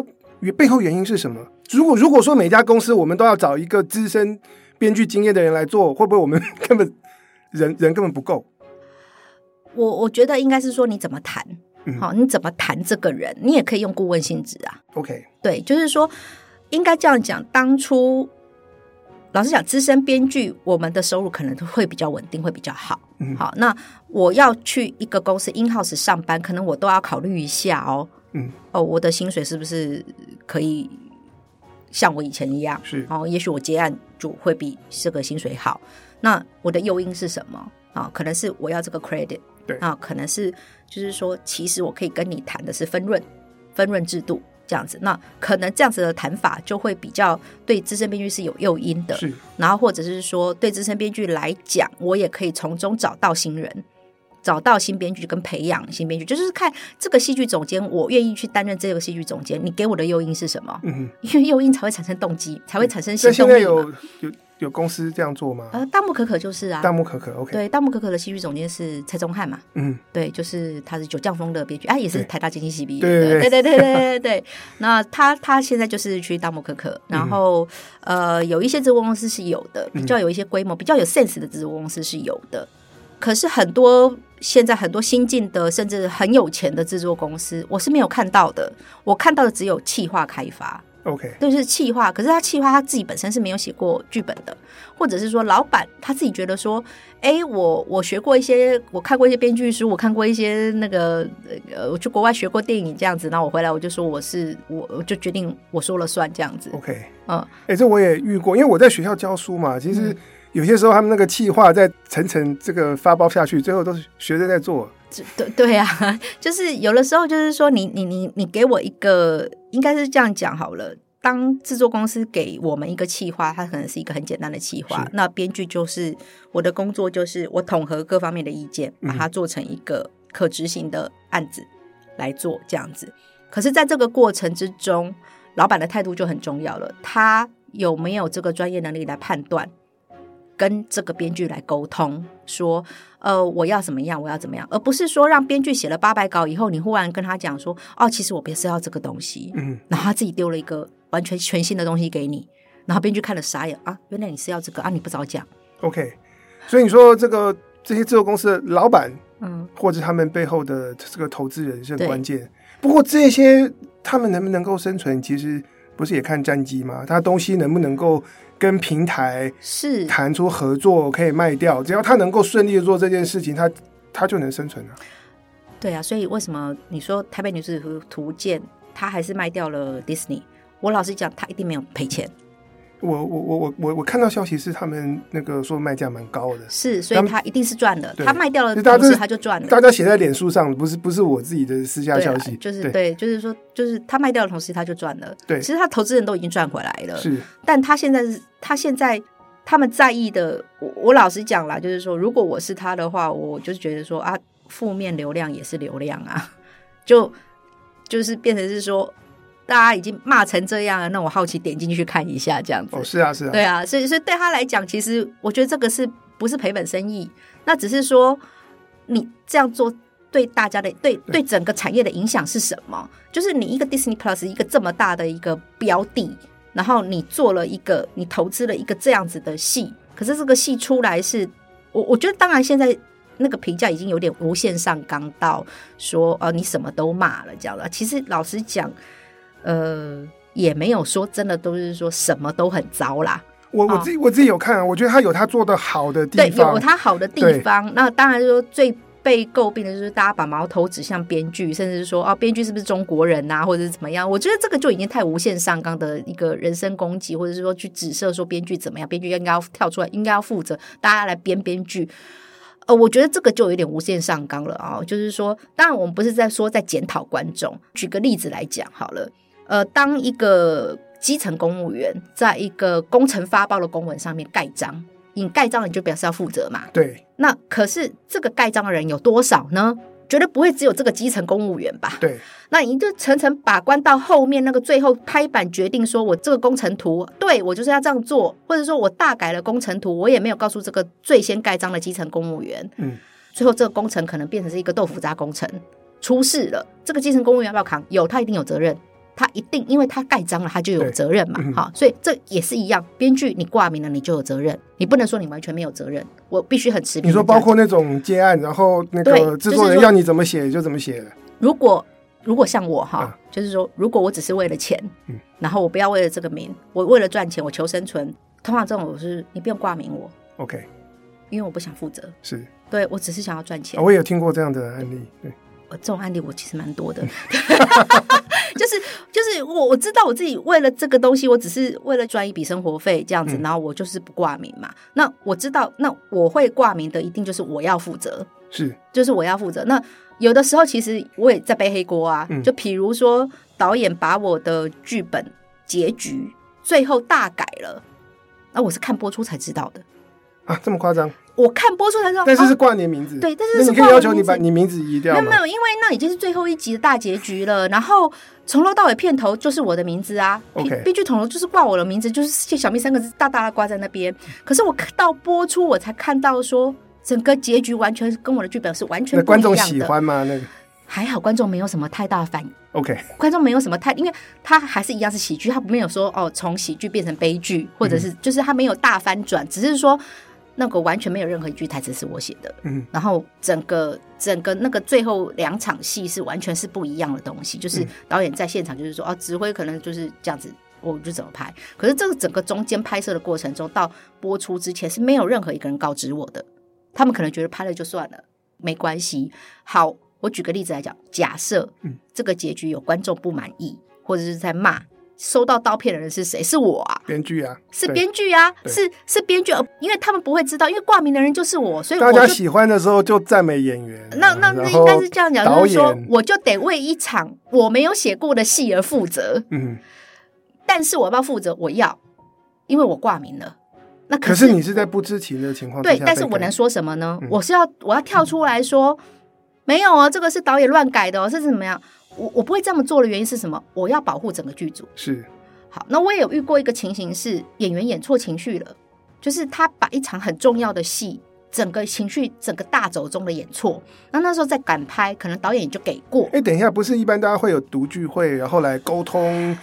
背後原因是什麼？如果如果說每家公司我們都要找一個資深編劇經驗的人來做，會不會我們根本人人根本不夠？我我覺得應該是說你怎麼談？好、嗯哦，你怎麼談這個人，你也可以用顧問性質啊。OK，對，就是說應該這樣講。當初老實講，資深編劇我們的收入可能會比較穩定，會比較好。好、嗯哦，那我要去一個公司 in-house 上班，可能我都要考慮一下哦。嗯，哦，我的薪水是不是可以像我以前一樣？是，哦，也許我接案就會比這個薪水好。那我的誘因是什麼啊、哦？可能是我要這個 credit。對啊，那可能是就是說，其實我可以跟你談的是分潤、分潤制度這樣子。那可能這樣子的談法就會比較對資深編劇是有誘因的。是，然後或者是說對資深編劇來講，我也可以從中找到新人，找到新編劇跟培養新編劇，就是看這個戲劇總監，我願意去擔任這個戲劇總監，你給我的誘因是什麼？嗯，因為誘因才會產生動機，才會產生新動力。嗯有公司這樣做嗎？呃，大慕可可就是啊，大慕可可，OK，對，大慕可可的戲劇總監是蔡宗翰嘛，嗯，對，就是他是九降風的編劇，哎、啊、也是台大經濟系畢業的，對對對對對對，對 [laughs] 那他他現在就是去大慕可可，然後、嗯、呃，有一些製作公司是有的，比較有一些規模、嗯、比較有 sense 的製作公司是有的，可是很多現在很多新進的，甚至很有錢的製作公司，我是沒有看到的，我看到的只有企劃開發。OK，就是氣話。可是他氣話，他自己本身是沒有寫過劇本的，或者是說，老闆他自己覺得說，哎、欸，我我學過一些，我看過一些編劇書，我看過一些那個呃，我去國外學過電影這樣子，然後我回來我就說我是我，我就決定我說了算這樣子。OK，嗯，哎、欸，這我也遇過，因為我在學校教書嘛，其實、嗯。有些時候，他們那個企劃在層層這個發包下去，最後都是學着在做。對對啊，就是有的時候，就是說你，你你你你給我一個，應該是這樣講好了。當製作公司給我們一個企劃，它可能是一個很簡單的企劃，是那編劇就是我的工作，就是我統合各方面的意見，把它做成一個可執行的案子來做這樣子。嗯、可是，在這個過程之中，老板的態度就很重要了。他有沒有這個專業能力來判斷？跟這個編劇來溝通，說，呃，我要怎麼樣，我要怎麼樣，而不是說讓編劇寫了八百稿以後，你忽然跟他講說，哦，其實我不是要這個東西，嗯，然後他自己丟了一個完全全新的東西給你，然後編劇看了傻眼啊，原來你是要這個啊，你不早講，OK，所以你說這個這些制作公司的老板，嗯，或者他們背後的這個投資人是很關鍵，對不過這些他們能不能夠生存，其實不是也看戰績嗎？他東西能不能夠？跟平台是談出合作，可以賣掉，是只要他能夠順利的做這件事情，他他就能生存了啊。對啊，所以為什麼你說台北女子圖鑑，他還是賣掉了 Disney？我老實講，他一定沒有賠錢。我我我我我我看到消息是他們那個說賣價蠻高的，是，所以他一定是賺的，他，他賣掉的同時他就賺了大。大家寫在臉書上，不是不是我自己的私下消息，就是對，對就是說，就是他賣掉的同時他就賺了。對，其實他投資人都已經賺回來了，是。但他現在是，他現在他們在意的，我我老實講啦，就是說，如果我是他的話，我就是覺得說啊，負面流量也是流量啊，就就是變成是說。大家已經罵成這樣了，那我好奇點進去看一下，這樣子。哦，是啊，是啊，對啊，所以，所以對他來講，其實我覺得這個是不是賠本生意？那只是說你這樣做對大家的對對，對整個產業的影響是什麼？就是你一個 Disney Plus 一個這麼大的一個標的，然後你做了一個你投資了一個這樣子的戲，可是這個戲出來是，我我覺得當然現在那個評價已經有點無限上綱到說，呃，你什麼都罵了這樣了，其實老實講。呃，也沒有說真的都是說什麼都很糟啦。我我自己、哦、我自己有看、啊，我覺得他有他做的好的地方，對，有他好的地方。對那當然就是說最被詬病的就是大家把矛頭指向編劇，甚至是說啊，哦、編劇是不是中國人吶、啊，或者是怎麼樣？我覺得這個就已經太無限上綱的一個人身攻擊，或者是說去指責說編劇怎麼樣，編劇應該要跳出來，應該要負責，大家來編編劇。呃，我覺得這個就有點無限上綱了啊、哦。就是說，當然我們不是在說在檢討觀眾。舉個例子來講，好了。呃，當一個基層公務員在一個工程發包的公文上面蓋章，你蓋章你就表示要負責嘛。對。那可是這個蓋章的人有多少呢？絕對不會只有這個基層公務員吧？對。那你就層層把關到後面那個最後拍板決定，說我這個工程圖，對，我就是要這樣做，或者說我大改了工程圖，我也沒有告訴這個最先蓋章的基層公務員，嗯，最後這個工程可能變成是一個豆腐渣工程，出事了，這個基層公務員要不要扛？有，他一定有責任。他一定，因為他蓋章了，他就有責任嘛，嗯、哈，所以這也是一樣，編劇你掛名了，你就有責任，你不能說你完全沒有責任，我必須很持平。你說包括那種接案，然後那個制作人、就是、要你怎麼寫就怎麼寫。如果如果像我哈，啊、就是說，如果我只是為了錢，嗯，然後我不要為了這個名，我為了賺錢，我求生存，通常這種我是你不用掛名我，OK，因為我不想負責。是，對我只是想要賺錢、啊。我也有聽過這樣的案例，對。對這種案例我其實蠻多的，嗯 [laughs] 就是，就是就是我我知道我自己為了這個東西，我只是為了賺一筆生活費這樣子，嗯，然後我就是不掛名嘛。那我知道，那我會掛名的一定就是我要負責，是就是我要負責。那有的時候其實我也在背黑鍋啊，嗯，就比如說導演把我的劇本結局最後大改了，那我是看播出才知道的啊，這麼誇張？我看播出才知道，但是是掛你的名字。啊，對，但是沒有要求你把你名字移掉，沒有，沒有，因為那已經是最後一集的大結局了。 [laughs] 然後從頭到尾片頭就是我的名字啊，編 Okay. 劇統籌就是掛我的名字，就是“謝小蜜”三個字大大的掛在那邊。可是我看到播出我才看到說，整個結局完全跟我的劇本是完全不一樣的。觀眾喜歡嗎？那個還好，觀眾沒有什麼太大反應。OK，觀眾沒有什麼太，因為他還是一樣是喜劇，他沒有說哦，從喜劇變成悲劇，或者是、嗯、就是他沒有大翻轉，只是說。那個完全沒有任何一句台詞是我寫的，嗯，然後整個整個那個最後兩場戲是完全是不一樣的東西，就是導演在現場就是說啊，指揮可能就是這樣子，我就怎麼拍。可是這個整個中間拍攝的過程中到播出之前是沒有任何一個人告知我的，他們可能覺得拍了就算了，沒關係。好，我舉個例子來講，假設這個結局有觀眾不滿意，或者是在罵。收到刀片的人是誰？是我啊，編劇啊，是編劇啊，對是是編劇啊，因為他們不會知道，因為掛名的人就是我，所以大家喜歡的時候就讚美演員。那、嗯、那那應該是這樣講，就是說，我就得為一場我沒有寫過的戲而負責嗯。嗯，但是我要負責，我要，因為我掛名了。那可是，可是你是在不知情的情況下，對？但是我能說什麼呢？我是要、嗯、我要跳出來說，嗯、沒有啊、哦，這個是導演亂改的，哦，是怎麼樣？我我不會這麼做的原因是什麼？我要保護整個劇組。是，好，那我也有遇過一個情形，是演員演錯情緒了，就是他把一場很重要的戲，整個情緒整個大走鐘地演錯，那那時候在趕拍，可能導演也就給過。哎、欸，等一下，不是一般大家會有讀劇會，然後來溝通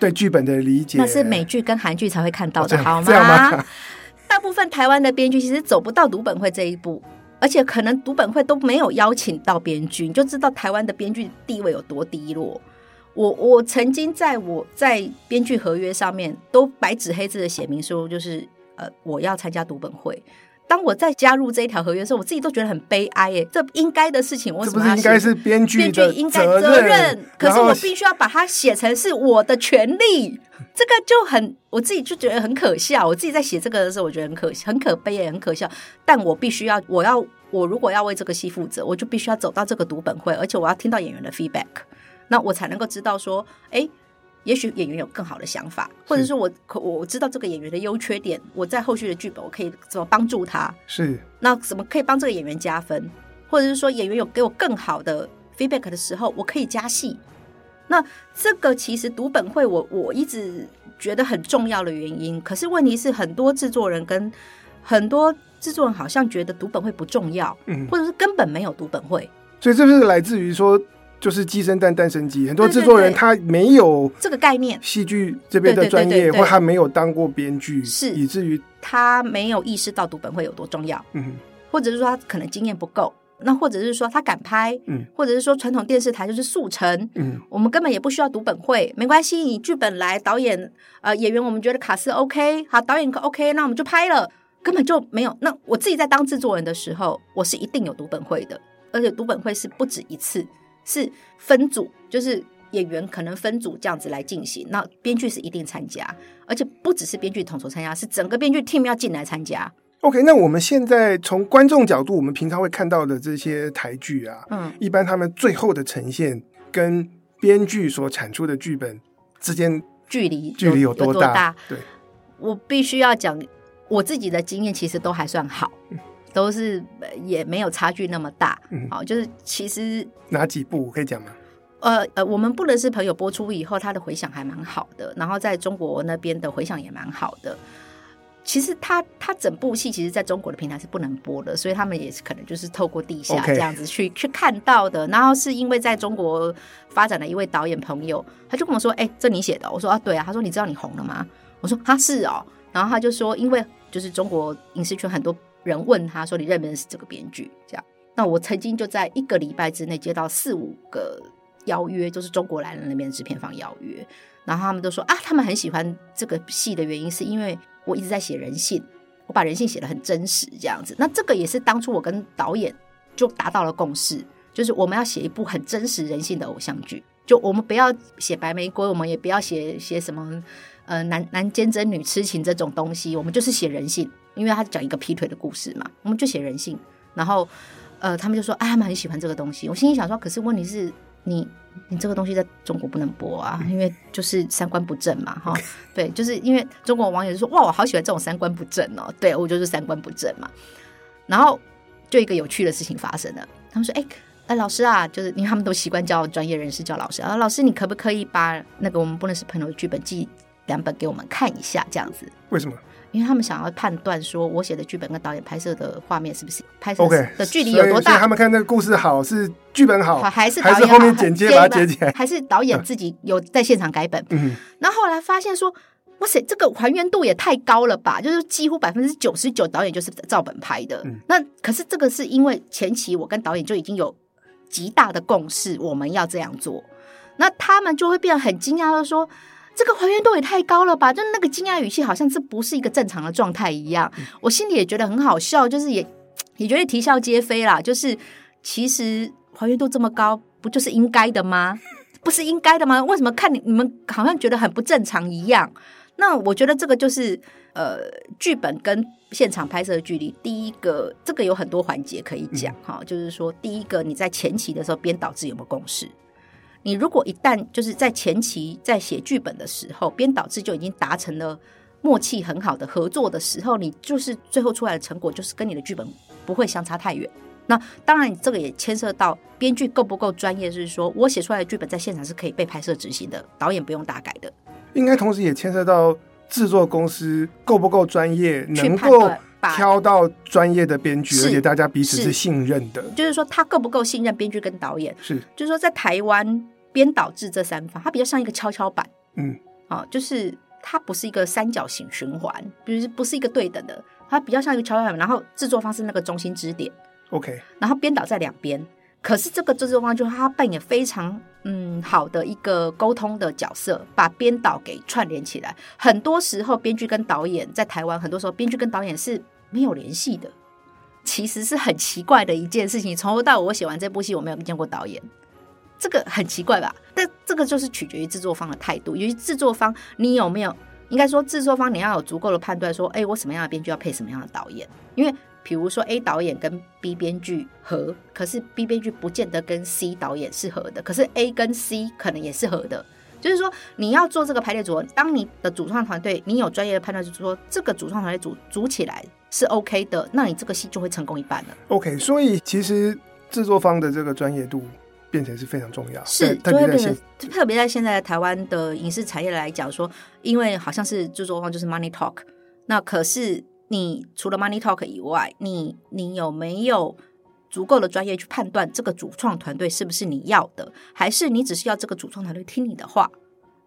對劇本的理解？那是美劇跟韓劇才會看到的、哦、這樣好嗎？這樣嗎 [laughs] 大部分台灣的編劇其實走不到讀本會這一步。而且可能讀本會都沒有邀請到編劇，你就知道台灣的編劇地位有多低落。我我曾經在我在編劇合約上面都白紙黑字的寫明說，就是呃我要參加讀本會。當我在加入這一條合約的時候，我自己都覺得很悲哀誒、欸，這應該的事情我怎麼寫？我是不是應該是編劇的？編劇應該責任。責任後可是我必須要把它寫成是我的權利，這個就很，我自己就覺得很可笑。我自己在寫這個的時候，我覺得很可很可悲、欸，很可笑。但我必須要，我要，我如果要為這個戲負責，我就必須要走到這個讀本會，而且我要聽到演員的 feedback，那我才能夠知道說，哎、欸。也許演員有更好的想法，或者是說我我我知道這個演員的優缺點，我在後續的劇本我可以怎麼幫助他？是那怎麼可以幫這個演員加分？或者是說演員有給我更好的 feedback 的時候，我可以加戲。那這個其實讀本會我我一直覺得很重要的原因。可是問題是，很多製作人跟很多製作人好像覺得讀本會不重要，嗯，或者是根本沒有讀本會。所以這是，是來自於說。就是雞生蛋蛋生雞，很多製作人他沒有對對對這個概念，戲劇這邊的專業對對對對對或他沒有當過編劇，是以至於他沒有意識到讀本會有多重要。嗯，或者是說他可能經驗不夠，那或者是說他敢拍，嗯，或者是說傳統電視台就是速成，嗯，我們根本也不需要讀本會，沒關係，你劇本來導演呃演員，我們覺得卡司 OK，好，導演 OK，那我們就拍了，根本就沒有。那我自己在當製作人的時候，我是一定有讀本會的，而且讀本會是不止一次。是分組，就是演員可能分組這樣子來進行。那編劇是一定參加，而且不只是編劇統籌參加，是整個編劇 team 要進來參加。OK，那我們現在從觀眾角度，我們平常會看到的這些台劇啊，嗯，一般他們最後的呈現跟編劇所產出的劇本之間距離，距離有多大？多大？對，我必須要講我自己的經驗，其實都還算好。都是也沒有差距那麼大，好、嗯哦，就是其實哪幾部可以講嗎？呃呃，我們不能是朋友播出以後，他的回響還蠻好的，然後在中國那邊的回響也蠻好的。其實他他整部戲其實在中國的平台是不能播的，所以他們也是可能就是透過地下這樣子去 Okay. 去看到的。然後是因為在中國發展的一位導演朋友，他就跟我說：“哎、欸，這你寫的、哦。”我說：“啊，對啊。”他說：“你知道你紅了嗎？”我說：“他、啊、是哦。”然後他就說：“因為就是中國影視圈很多。”人問他說：“你認不認識這個編劇？”這樣，那我曾經就在一個禮拜之內接到四五個邀約，就是中國來的那邊的制片方邀約，然後他們都說啊，他們很喜歡這個戲的原因是因為我一直在寫人性，我把人性寫得很真實，這樣子。那這個也是當初我跟導演就達到了共識，就是我們要寫一部很真實人性的偶像劇，就我們不要寫白玫瑰，我們也不要寫寫什麼，呃，男男堅貞，女痴情這種東西，我們就是寫人性，因為他講一個劈腿的故事嘛，我們就寫人性。然後，呃，他們就說，哎、他們很喜歡這個東西。我心裡想說，可是問題是，你你這個東西在中國不能播啊，因為就是三觀不正嘛，哈、哦。對，就是因為中國網友就說，哇，我好喜歡這種三觀不正哦。對我就是三觀不正嘛。然後，就一個有趣的事情發生了，他們說，哎，哎，老師啊，就是因為他們都習慣叫專業人士叫老師啊，老師，你可不可以把那個我們不能是朋友的劇本寄？兩本給我們看一下，這樣子。為什麼？因為他們想要判斷，說我寫的劇本跟導演拍攝的畫面是不是拍攝的 okay, 距離有多大？所以他們看那個故事好，是劇本好，還是還是後面剪接把它剪剪，還是導演自己有在現場改本？那、嗯、哼後，後來發現說，哇塞，這個還原度也太高了吧！就是幾乎百分之九十九導演就是照本拍的。嗯、那可是這個是因為前期我跟導演就已經有極大的共識，我們要這樣做。那他們就會變得很驚訝的說。這個還原度也太高了吧！就那個驚訝語氣，好像這不是一個正常的狀態一樣。我心裡也覺得很好笑，就是也也覺得啼笑皆非啦。就是其實還原度這麼高，不就是應該的嗎？不是應該的嗎？為什麼看你你們好像覺得很不正常一樣？那我覺得這個就是呃，劇本跟現場拍攝的距離。第一個，這個有很多環節可以講、嗯、哈，就是說第一個你在前期的時候，編導之間有沒有共識？你如果一旦就是在前期在寫劇本的時候，編導制就已經達成了默契很好的合作的時候，你就是最後出來的成果就是跟你的劇本不會相差太遠。那當然，這個也牽涉到編劇夠不夠專業，就是說我寫出來的劇本在現場是可以被拍攝執行的，導演不用大改的。應該同時也牽涉到制作公司夠不夠專業，能夠挑到專業的編劇，是，而且大家彼此是信任的。是就是說他夠不夠信任編劇跟導演？是，就是說在台灣。編導制這三方，它比較像一個蹺蹺板，嗯，啊、哦，就是它不是一個三角形循環，比如不是一個對等的，它比較像一個蹺蹺板。然後製作方是那個中心支點，OK。然後編導在兩邊，可是這個製作方就是他扮演非常嗯好的一個溝通的角色，把編導給串聯起來。很多時候編劇跟導演在台灣，很多時候編劇跟導演是沒有聯繫的，其實是很奇怪的一件事情。從頭到尾我寫完這部戲，我沒有見過導演。這個很奇怪吧？但這個就是取決於制作方的態度，尤其制作方，你有沒有應該說制作方你要有足夠的判斷，說、欸、哎，我什麼樣的編劇要配什麼樣的導演？因為比如說 A 導演跟 B 編劇合，可是 B 編劇不見得跟 C 導演是合的，可是 A 跟 C 可能也是合的。就是說你要做這個排列組合，當你的主創團隊你有專業的判斷，就是說這個主創團隊組組起來是 OK 的，那你這個戲就會成功一半了。OK，所以其實制作方的這個專業度。變成是非常重要，是，特別在，在特別在現在台灣的影視產業來講，說，對因為好像是制作方就是 money talk，那可是你除了 money talk 以外，你你有沒有足夠的專業去判斷這個主創團隊是不是你要的，還是你只是要這個主創團隊聽你的話？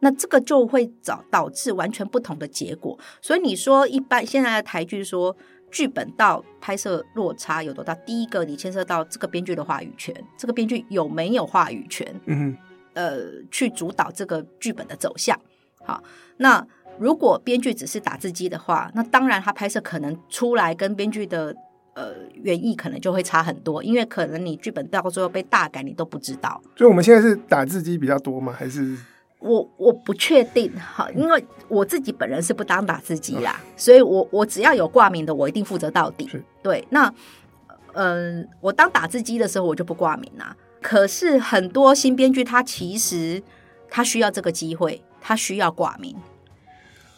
那這個就會導導致完全不同的結果。所以你說，一般現在的台劇說。劇本到拍攝落差有多大？第一個，你牽涉到這個編劇的話語權，這個編劇有沒有話語權？嗯哼，呃，去主導這個劇本的走向。好，那如果編劇只是打字機的話，那當然他拍攝可能出來跟編劇的呃原意可能就會差很多，因為可能你劇本到最後被大改，你都不知道。所以我們現在是打字機比較多嗎？還是？我我不確定哈，因為我自己本人是不當打字機啦，啊，Okay. 所以我我只要有掛名的，我一定負責到底。是對，那呃，我當打字機的時候，我就不掛名啦，啊。可是很多新編劇他其實他需要這個機會，他需要掛名。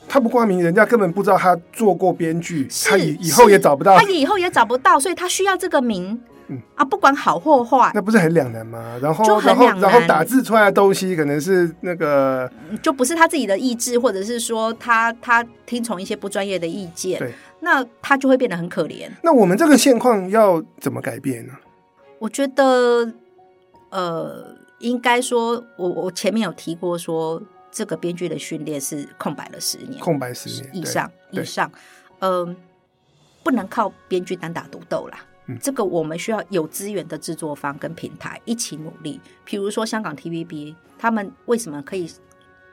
他不掛名，人家根本不知道他做過編劇，是他以以後也找不到，他以後也找不到，所以他需要這個名。嗯啊，不管好或壞，那不是很兩難嗎？然後，就很兩難，然後，然後打字出來的東西可能是那個，就不是他自己的意志，或者是說他他聽從一些不專業的意見，對，那他就會變得很可憐。那我們這個現況要怎麼改變呢？我覺得，呃，應該說，我我前面有提過說，說這個編劇的訓練是空白了十年，空白十年以上以上，嗯，不能靠編劇單打獨鬥啦。這個我們需要有資源的制作方跟平台一起努力。比如說香港 TVB，他們為什麼可以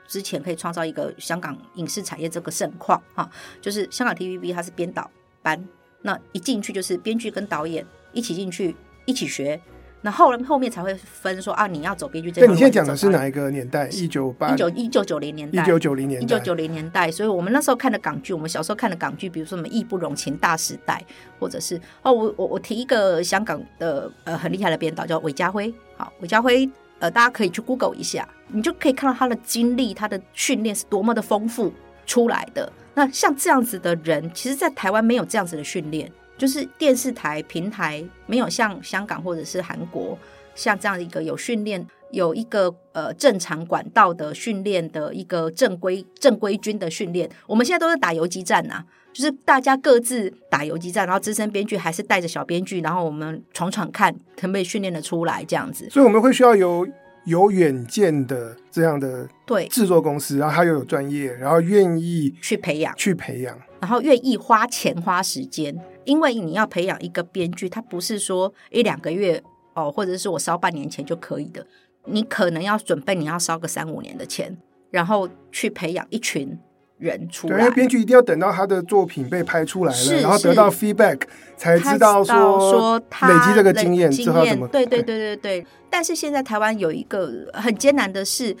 之前可以創造一個香港影視產業這個盛況？哈，就是香港 TVB 它是編導班，那一進去就是編劇跟導演一起進去一起學。然後後來後面才會分說啊，你要走編劇。那你現在講的是哪一個年代？一九八一九一九九零年代，一九九零年代，一九九零年代。所以，我們那時候看的港劇，我們小時候看的港劇，比如說什麼《義不容情》《大時代》，或者是哦，我我我提一個香港的呃很厲害的編導叫韋家輝。好，韋家輝，呃，大家可以去 Google 一下，你就可以看到他的經歷，他的訓練是多麼的豐富出來的。那像這樣子的人，其實在台灣沒有這樣子的訓練。就是電視台平台沒有像香港或者是韓國像這樣一個有訓練有一個呃正常管道的訓練的一個正規正規軍的訓練，我們現在都是打游擊戰吶、啊，就是大家各自打游擊戰，然後資深編劇還是帶着小編劇，然後我們闖闖看，可不可以訓練的出來這樣子。所以我們會需要有有遠見的這樣的對製作公司，然後他又有專業，然後願意去培養，去培養，然後願意花錢花時間。因為你要培養一個編劇，他不是說一兩個月哦，或者是我燒半年錢就可以的，你可能要準備你要燒個三五年的錢，然後去培養一群人出來。編劇一定要等到他的作品被拍出來了，是、是，然後得到 feedback 才知道說，說他累積這個經驗、經驗。對對對對對。對對對，哎，但是現在台灣有一個很艱難的是，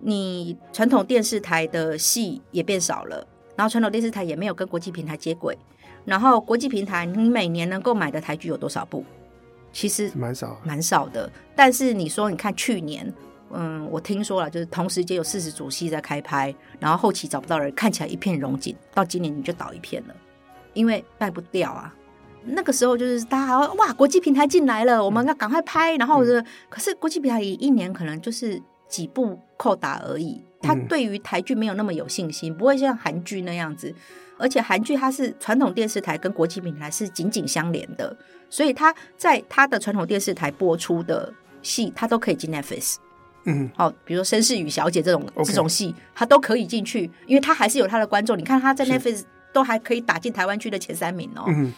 你傳統電視台的戲也變少了，然後傳統電視台也沒有跟國際平台接軌。然後國際平台，你每年能夠買的台劇有多少部？其實蠻少，蠻少的。但是你說，你看去年，嗯，我聽說了，就是同時間有四十組戲在開拍，然後後期找不到人，看起來一片榮景。到今年你就倒一片了，因為賣不掉啊。那個時候就是大家還會哇，國際平台進來了，我們要趕快拍。嗯、然後我覺得，可是國際平台也一年可能就是幾部扣打而已。他對於台劇沒有那麼有信心，不會像韓劇那樣子。而且韓劇它是傳統電視台跟國際平台是緊緊相連的，所以它在它的傳統電視台播出的戲，它都可以進 Netflix。嗯，好、哦，比如說《紳士與小姐》這種 Okay. 這種戲，它都可以進去，因為它還是有它的觀眾。你看它在 Netflix 是都還可以打進台灣區的前三名哦。嗯、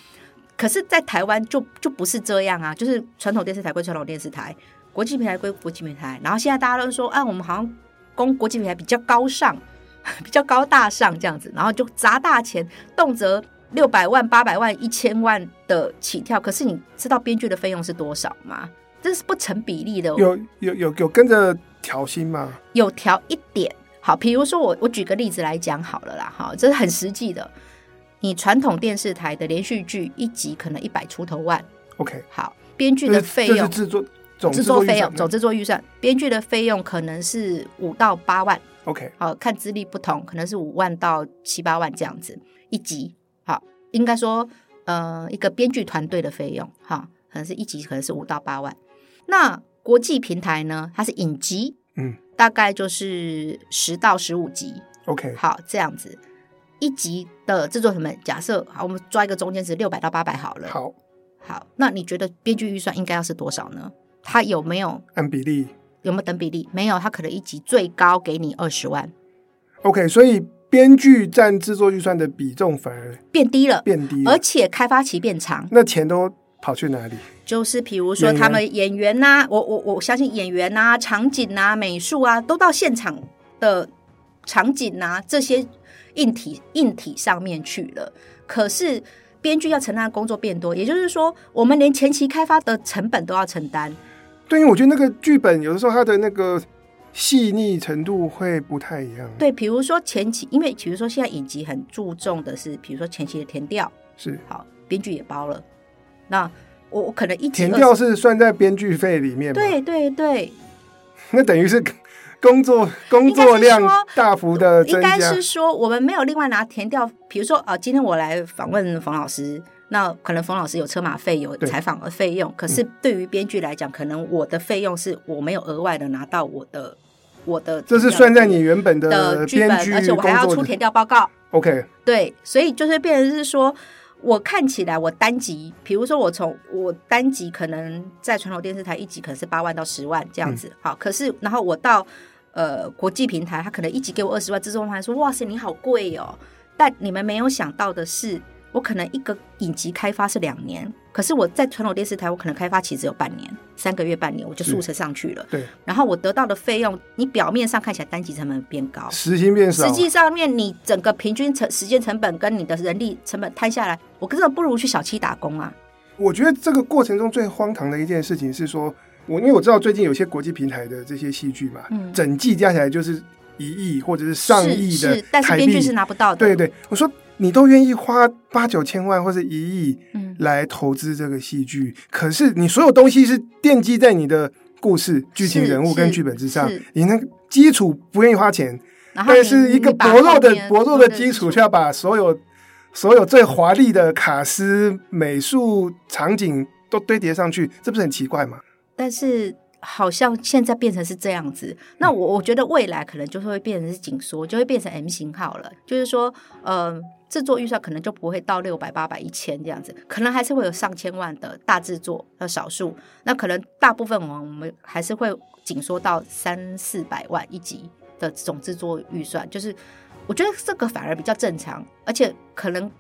可是，在台灣就就不是這樣啊，就是傳統電視台歸傳統電視台，國際平台歸國際平台。然後現在大家都說，啊，我們好像攻國際平台比較高尚。比較高大上這樣子，然後就砸大錢，動輒六百萬、八百萬、一千萬的起跳。可是你知道編劇的費用是多少嗎？這是不成比例的。有有有有跟着調薪嗎？有調一點。好，比如說我我舉個例子來講好了啦。哈，這是很實際的。你傳統電視台的連續劇一集可能一百出頭萬。OK，好，編劇的費用。就是就是製作總製作預算嗎？製作費用，總製作預算，編劇的費用可能是五到八萬。OK，好，看資歷不同，可能是五萬到七八萬這樣子一集，好，應該說，呃，一個編劇團隊的費用，哈，可能是一集，可能是五到八萬。那國際平台呢？它是影集，嗯，大概就是十到十五集。OK，好，這樣子一集的製作成本，假設好，我們抓一個中間值六百到八百好了。好，好，那你覺得編劇預算應該要是多少呢？它有沒有按比例？有沒有等比例？沒有，他可能一集最高給你二十萬。OK，所以編劇占制作預算的比重反而變低了，變低，而且開發期變長。那錢都跑去哪裡？就是譬如說，他們演員吶、啊，演員？我我我相信演員吶、啊、場景吶、啊、美術啊，都到現場的場景吶、啊、這些硬體硬體上面去了。可是編劇要承擔的工作變多，也就是說，我們連前期開發的成本都要承擔。對，因為我覺得那個劇本有的時候它的那個細膩程度會不太一樣。對，比如說前期，因為其實說現在影集很注重的是，比如說前期的田調。是，好，編劇也包了。那我我可能一天田調是算在編劇費裡面對。對對對， [laughs] 那等於是工作工作量大幅的增加應。應該是說我們沒有另外拿田調，比如說啊、呃，今天我來訪問馮老師。那可能馮老師有車馬費，有採訪的費用。對可是對於編劇來講，嗯、可能我的費用是我沒有額外的拿到我的，我的這是算在你原本的編劇，本而且我還要出田調報告。OK，對，所以就是變成是說，我看起來我單集，比如說我從我單集可能在傳統電視台一集可能是八萬到十萬這樣子，嗯、好，可是然後我到呃國際平台，他可能一集給我二十萬，製作方說，哇塞，你好貴哦、喔。但你們沒有想到的是。我可能一個影集開發是兩年，可是我在傳統電視台，我可能開發期只有半年、三個月、半年，我就速成上去了。對，然後我得到的費用，你表面上看起來單集成本變高，時薪變少，實際上面你整個平均成時間成本跟你的人力成本攤下來，我根本不如去小七打工啊！我覺得這個過程中最荒唐的一件事情是說，我因為我知道最近有些國際平台的這些戲劇嘛，嗯，整季加起來就是一億或者是上億的，是，是，但是編劇是拿不到的。對對，我說。你都願意花八九千萬或是一億，嗯，來投資這個戲劇，可是你所有東西是奠基在你的故事、劇是情人物跟劇本之上，你那基礎不願意花錢，然後但是一個薄弱的薄弱的,薄弱的基礎，就要把所有所有最華麗的卡司、美術、場景都堆疊上去，這不是很奇怪嗎？但是好像現在變成是這樣子，那我我覺得未來可能就會變成是緊縮，嗯、就會變成 M 型號了，就是說，嗯、呃。製作預算可能就不會到六百、八百、一千這樣子，可能還是會有上千萬的大製作的少數，那可能大部分我們我們還是會緊縮到三四百萬一集的這種製作預算，就是我覺得這個反而比較正常，而且可能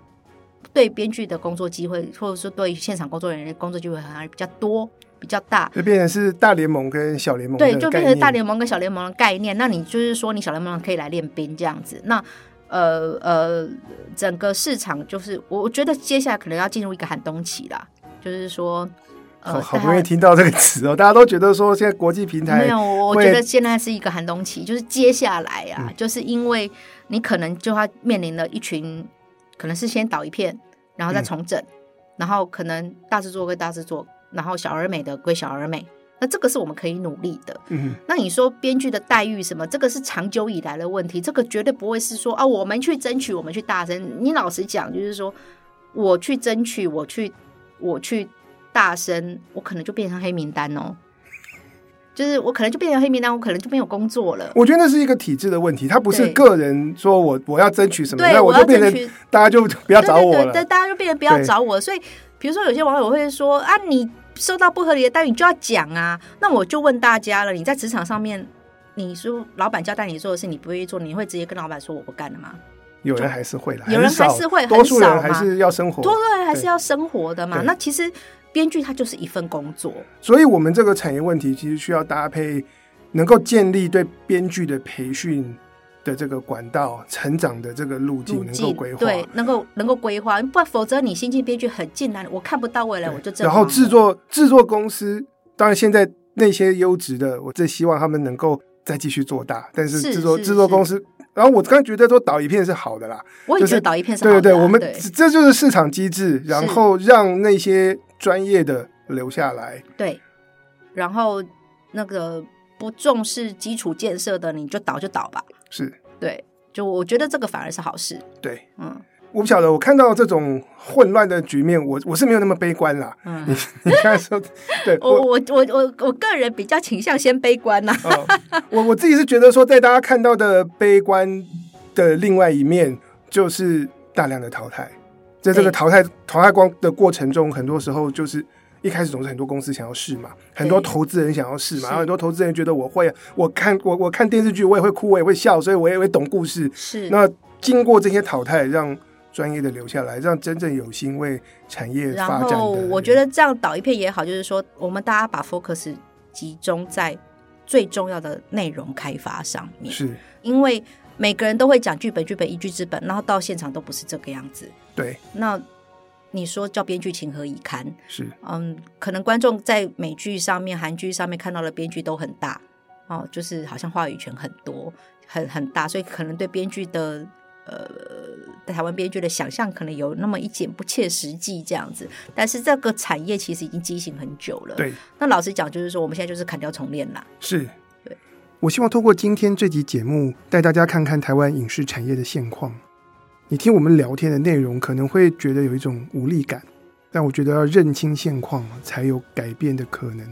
對編劇的工作機會，或者說對現場工作的人員工作機會反而比較多、比較大，就變成是大聯盟跟小聯盟。對，就變成大聯盟跟小聯盟的概念。那你就是說，你小聯盟可以來練兵這樣子，那。呃呃，整個市場就是，我我覺得接下來可能要進入一個寒冬期啦，就是說，呃，好，大家，好不容易聽到這個詞哦，大家都覺得說現在國際平台沒有，我覺得現在是一個寒冬期，就是接下來啊，嗯、就是因為你可能就要面臨了一群，可能是先倒一片，然後再重整，嗯、然後可能大製作歸大製作，然後小而美的歸小而美。那這個是我們可以努力的。嗯，那你說編劇的待遇什麼？這個是長久以來的問題，這個絕對不會是說啊，我們去爭取，我們去大聲。你老實講，就是說，我去爭取，我去，我去大聲，我可能就變成黑名單哦。就是我可能就變成黑名單，我可能就沒有工作了。我覺得那是一個體制的問題，它不是個人說我，對，我要爭取什麼，那我就變成，對對對，大家就不要找我。對，對對對，大家就變成不要找我。所以，比如說有些網友會說啊，你。受到不合理的待遇，你就要講啊！那我就問大家了：你在職場上面，你說老闆交代你做的事，你不願意做，你會直接跟老闆說我不幹了嗎？有人還是會來，有人還是會很少，多數人還是要生活，多數人還是要生活的嘛。對那其實編劇他就是一份工作，所以我們這個產業問題其實需要搭配能夠建立對編劇的培訓。的這個管道成長的這個路徑能夠規劃，對，能夠能夠規劃，不然否則你新進編劇很艱難，我看不到未來，我就這樣，然後製作製作公司，當然現在那些優質的，我最希望他們能夠再繼續做大。但是製作製作公司，然後我剛覺得說倒一片是好的啦，我也覺得倒一片是好的，是對對，我們對這就是市場機制，然後讓那些專業的留下來。對，然後那個不重視基礎建設的，你就倒就倒吧。是對，就我覺得這個反而是好事。對，嗯，我不曉得，我看到這種混亂的局面，我我是沒有那麼悲觀啦。嗯，你你剛才說，對我 [laughs] 我我我我個人比較傾向先悲觀吶。哦、 [laughs] 我我自己是覺得說，在大家看到的悲觀的另外一面，就是大量的淘汰，在這個淘汰、欸、淘汰光的過程中，很多時候就是。一開始總是很多公司想要試嘛，對很多投資人想要試嘛，是然後，很多投資人覺得我會，我看我我看電視劇我也會哭，我也會笑，所以我也會懂故事。是那經過這些淘汰，讓專業的留下來，讓真正有心為產業發展。然後我覺得這樣倒一片也好，就是說我們大家把 focus 集中在最重要的內容開發上面，是因為每個人都會講劇本，劇本一劇之本，然後到現場都不是這個樣子。對，那。你說叫編劇情何以堪？是，嗯，可能觀眾在美劇上面、韓劇上面看到的編劇都很大哦，嗯，就是好像話語權很多，很很大，所以可能對編劇的呃，台灣編劇的想象可能有那麼一點不切實際這樣子。但是這個產業其實已經畸形很久了。對，那老實講，就是說我們現在就是砍掉重練了。是，對，我希望通過今天這集節目帶大家看看台灣影視產業的現況。你聽我們聊天的內容，可能會覺得有一種無力感，但我覺得要認清現況才有改變的可能。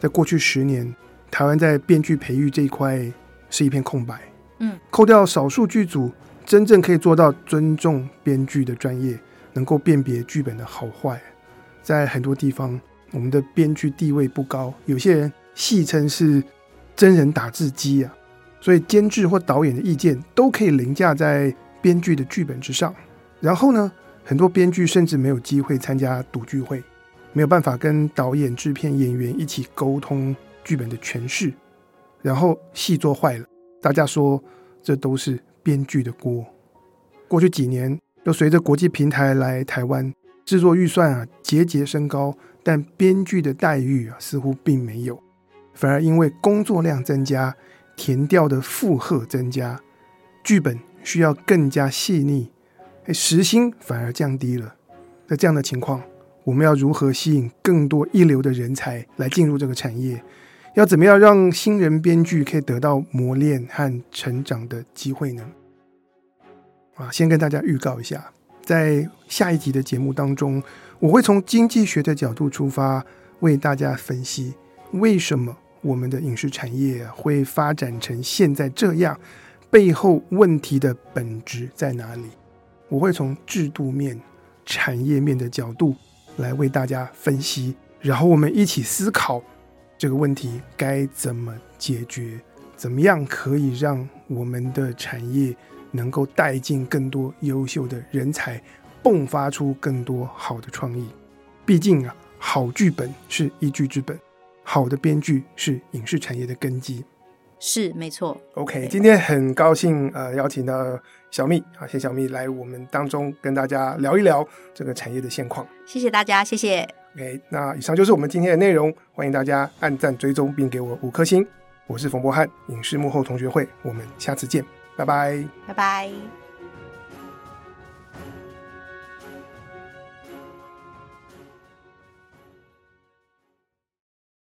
在過去十年，台灣在編劇培育這一塊是一片空白。嗯，扣掉少數劇組真正可以做到尊重編劇的專業，能夠辨別劇本的好壞，在很多地方我們的編劇地位不高，有些人戲稱是真人打字機啊，所以監製或導演的意見都可以凌駕在編劇的劇本之上，然後呢，很多編劇甚至沒有機會參加讀劇會，沒有辦法跟導演、製片、演員一起溝通劇本的詮釋，然後戲做壞了，大家說這都是編劇的鍋。過去幾年都隨着國際平台來台灣製作預算啊節節升高，但編劇的待遇啊似乎並沒有，反而因為工作量增加，田調的負荷增加，劇本。需要更加細膩，誒，時薪反而降低了。那這樣的情況，我們要如何吸引更多一流的人才來進入這個產業？要怎麼樣讓新人編劇可以得到磨練和成長的機會呢？啊，先跟大家預告一下，在下一集的節目當中，我會從經濟學的角度出發，為大家分析為什麼我們的影視產業會發展成現在這樣。背後問題的本質在哪裡？我會從制度面、產業面的角度來為大家分析，然後我們一起思考這個問題該怎麼解決，怎麼樣可以讓我們的產業能夠帶進更多優秀的人才，迸發出更多好的創意。畢竟啊，好劇本是一劇之本，好的編劇是影視產業的根基。是沒錯。OK，對今天很高興呃邀請到小蜜啊，謝小蜜來我們當中跟大家聊一聊這個產業的現況。謝謝大家，謝謝。OK，那以上就是我們今天的內容，歡迎大家按讚追蹤，並給我五顆星。我是馮勃翰，影視幕後同學會，我們下次見，拜拜，拜拜。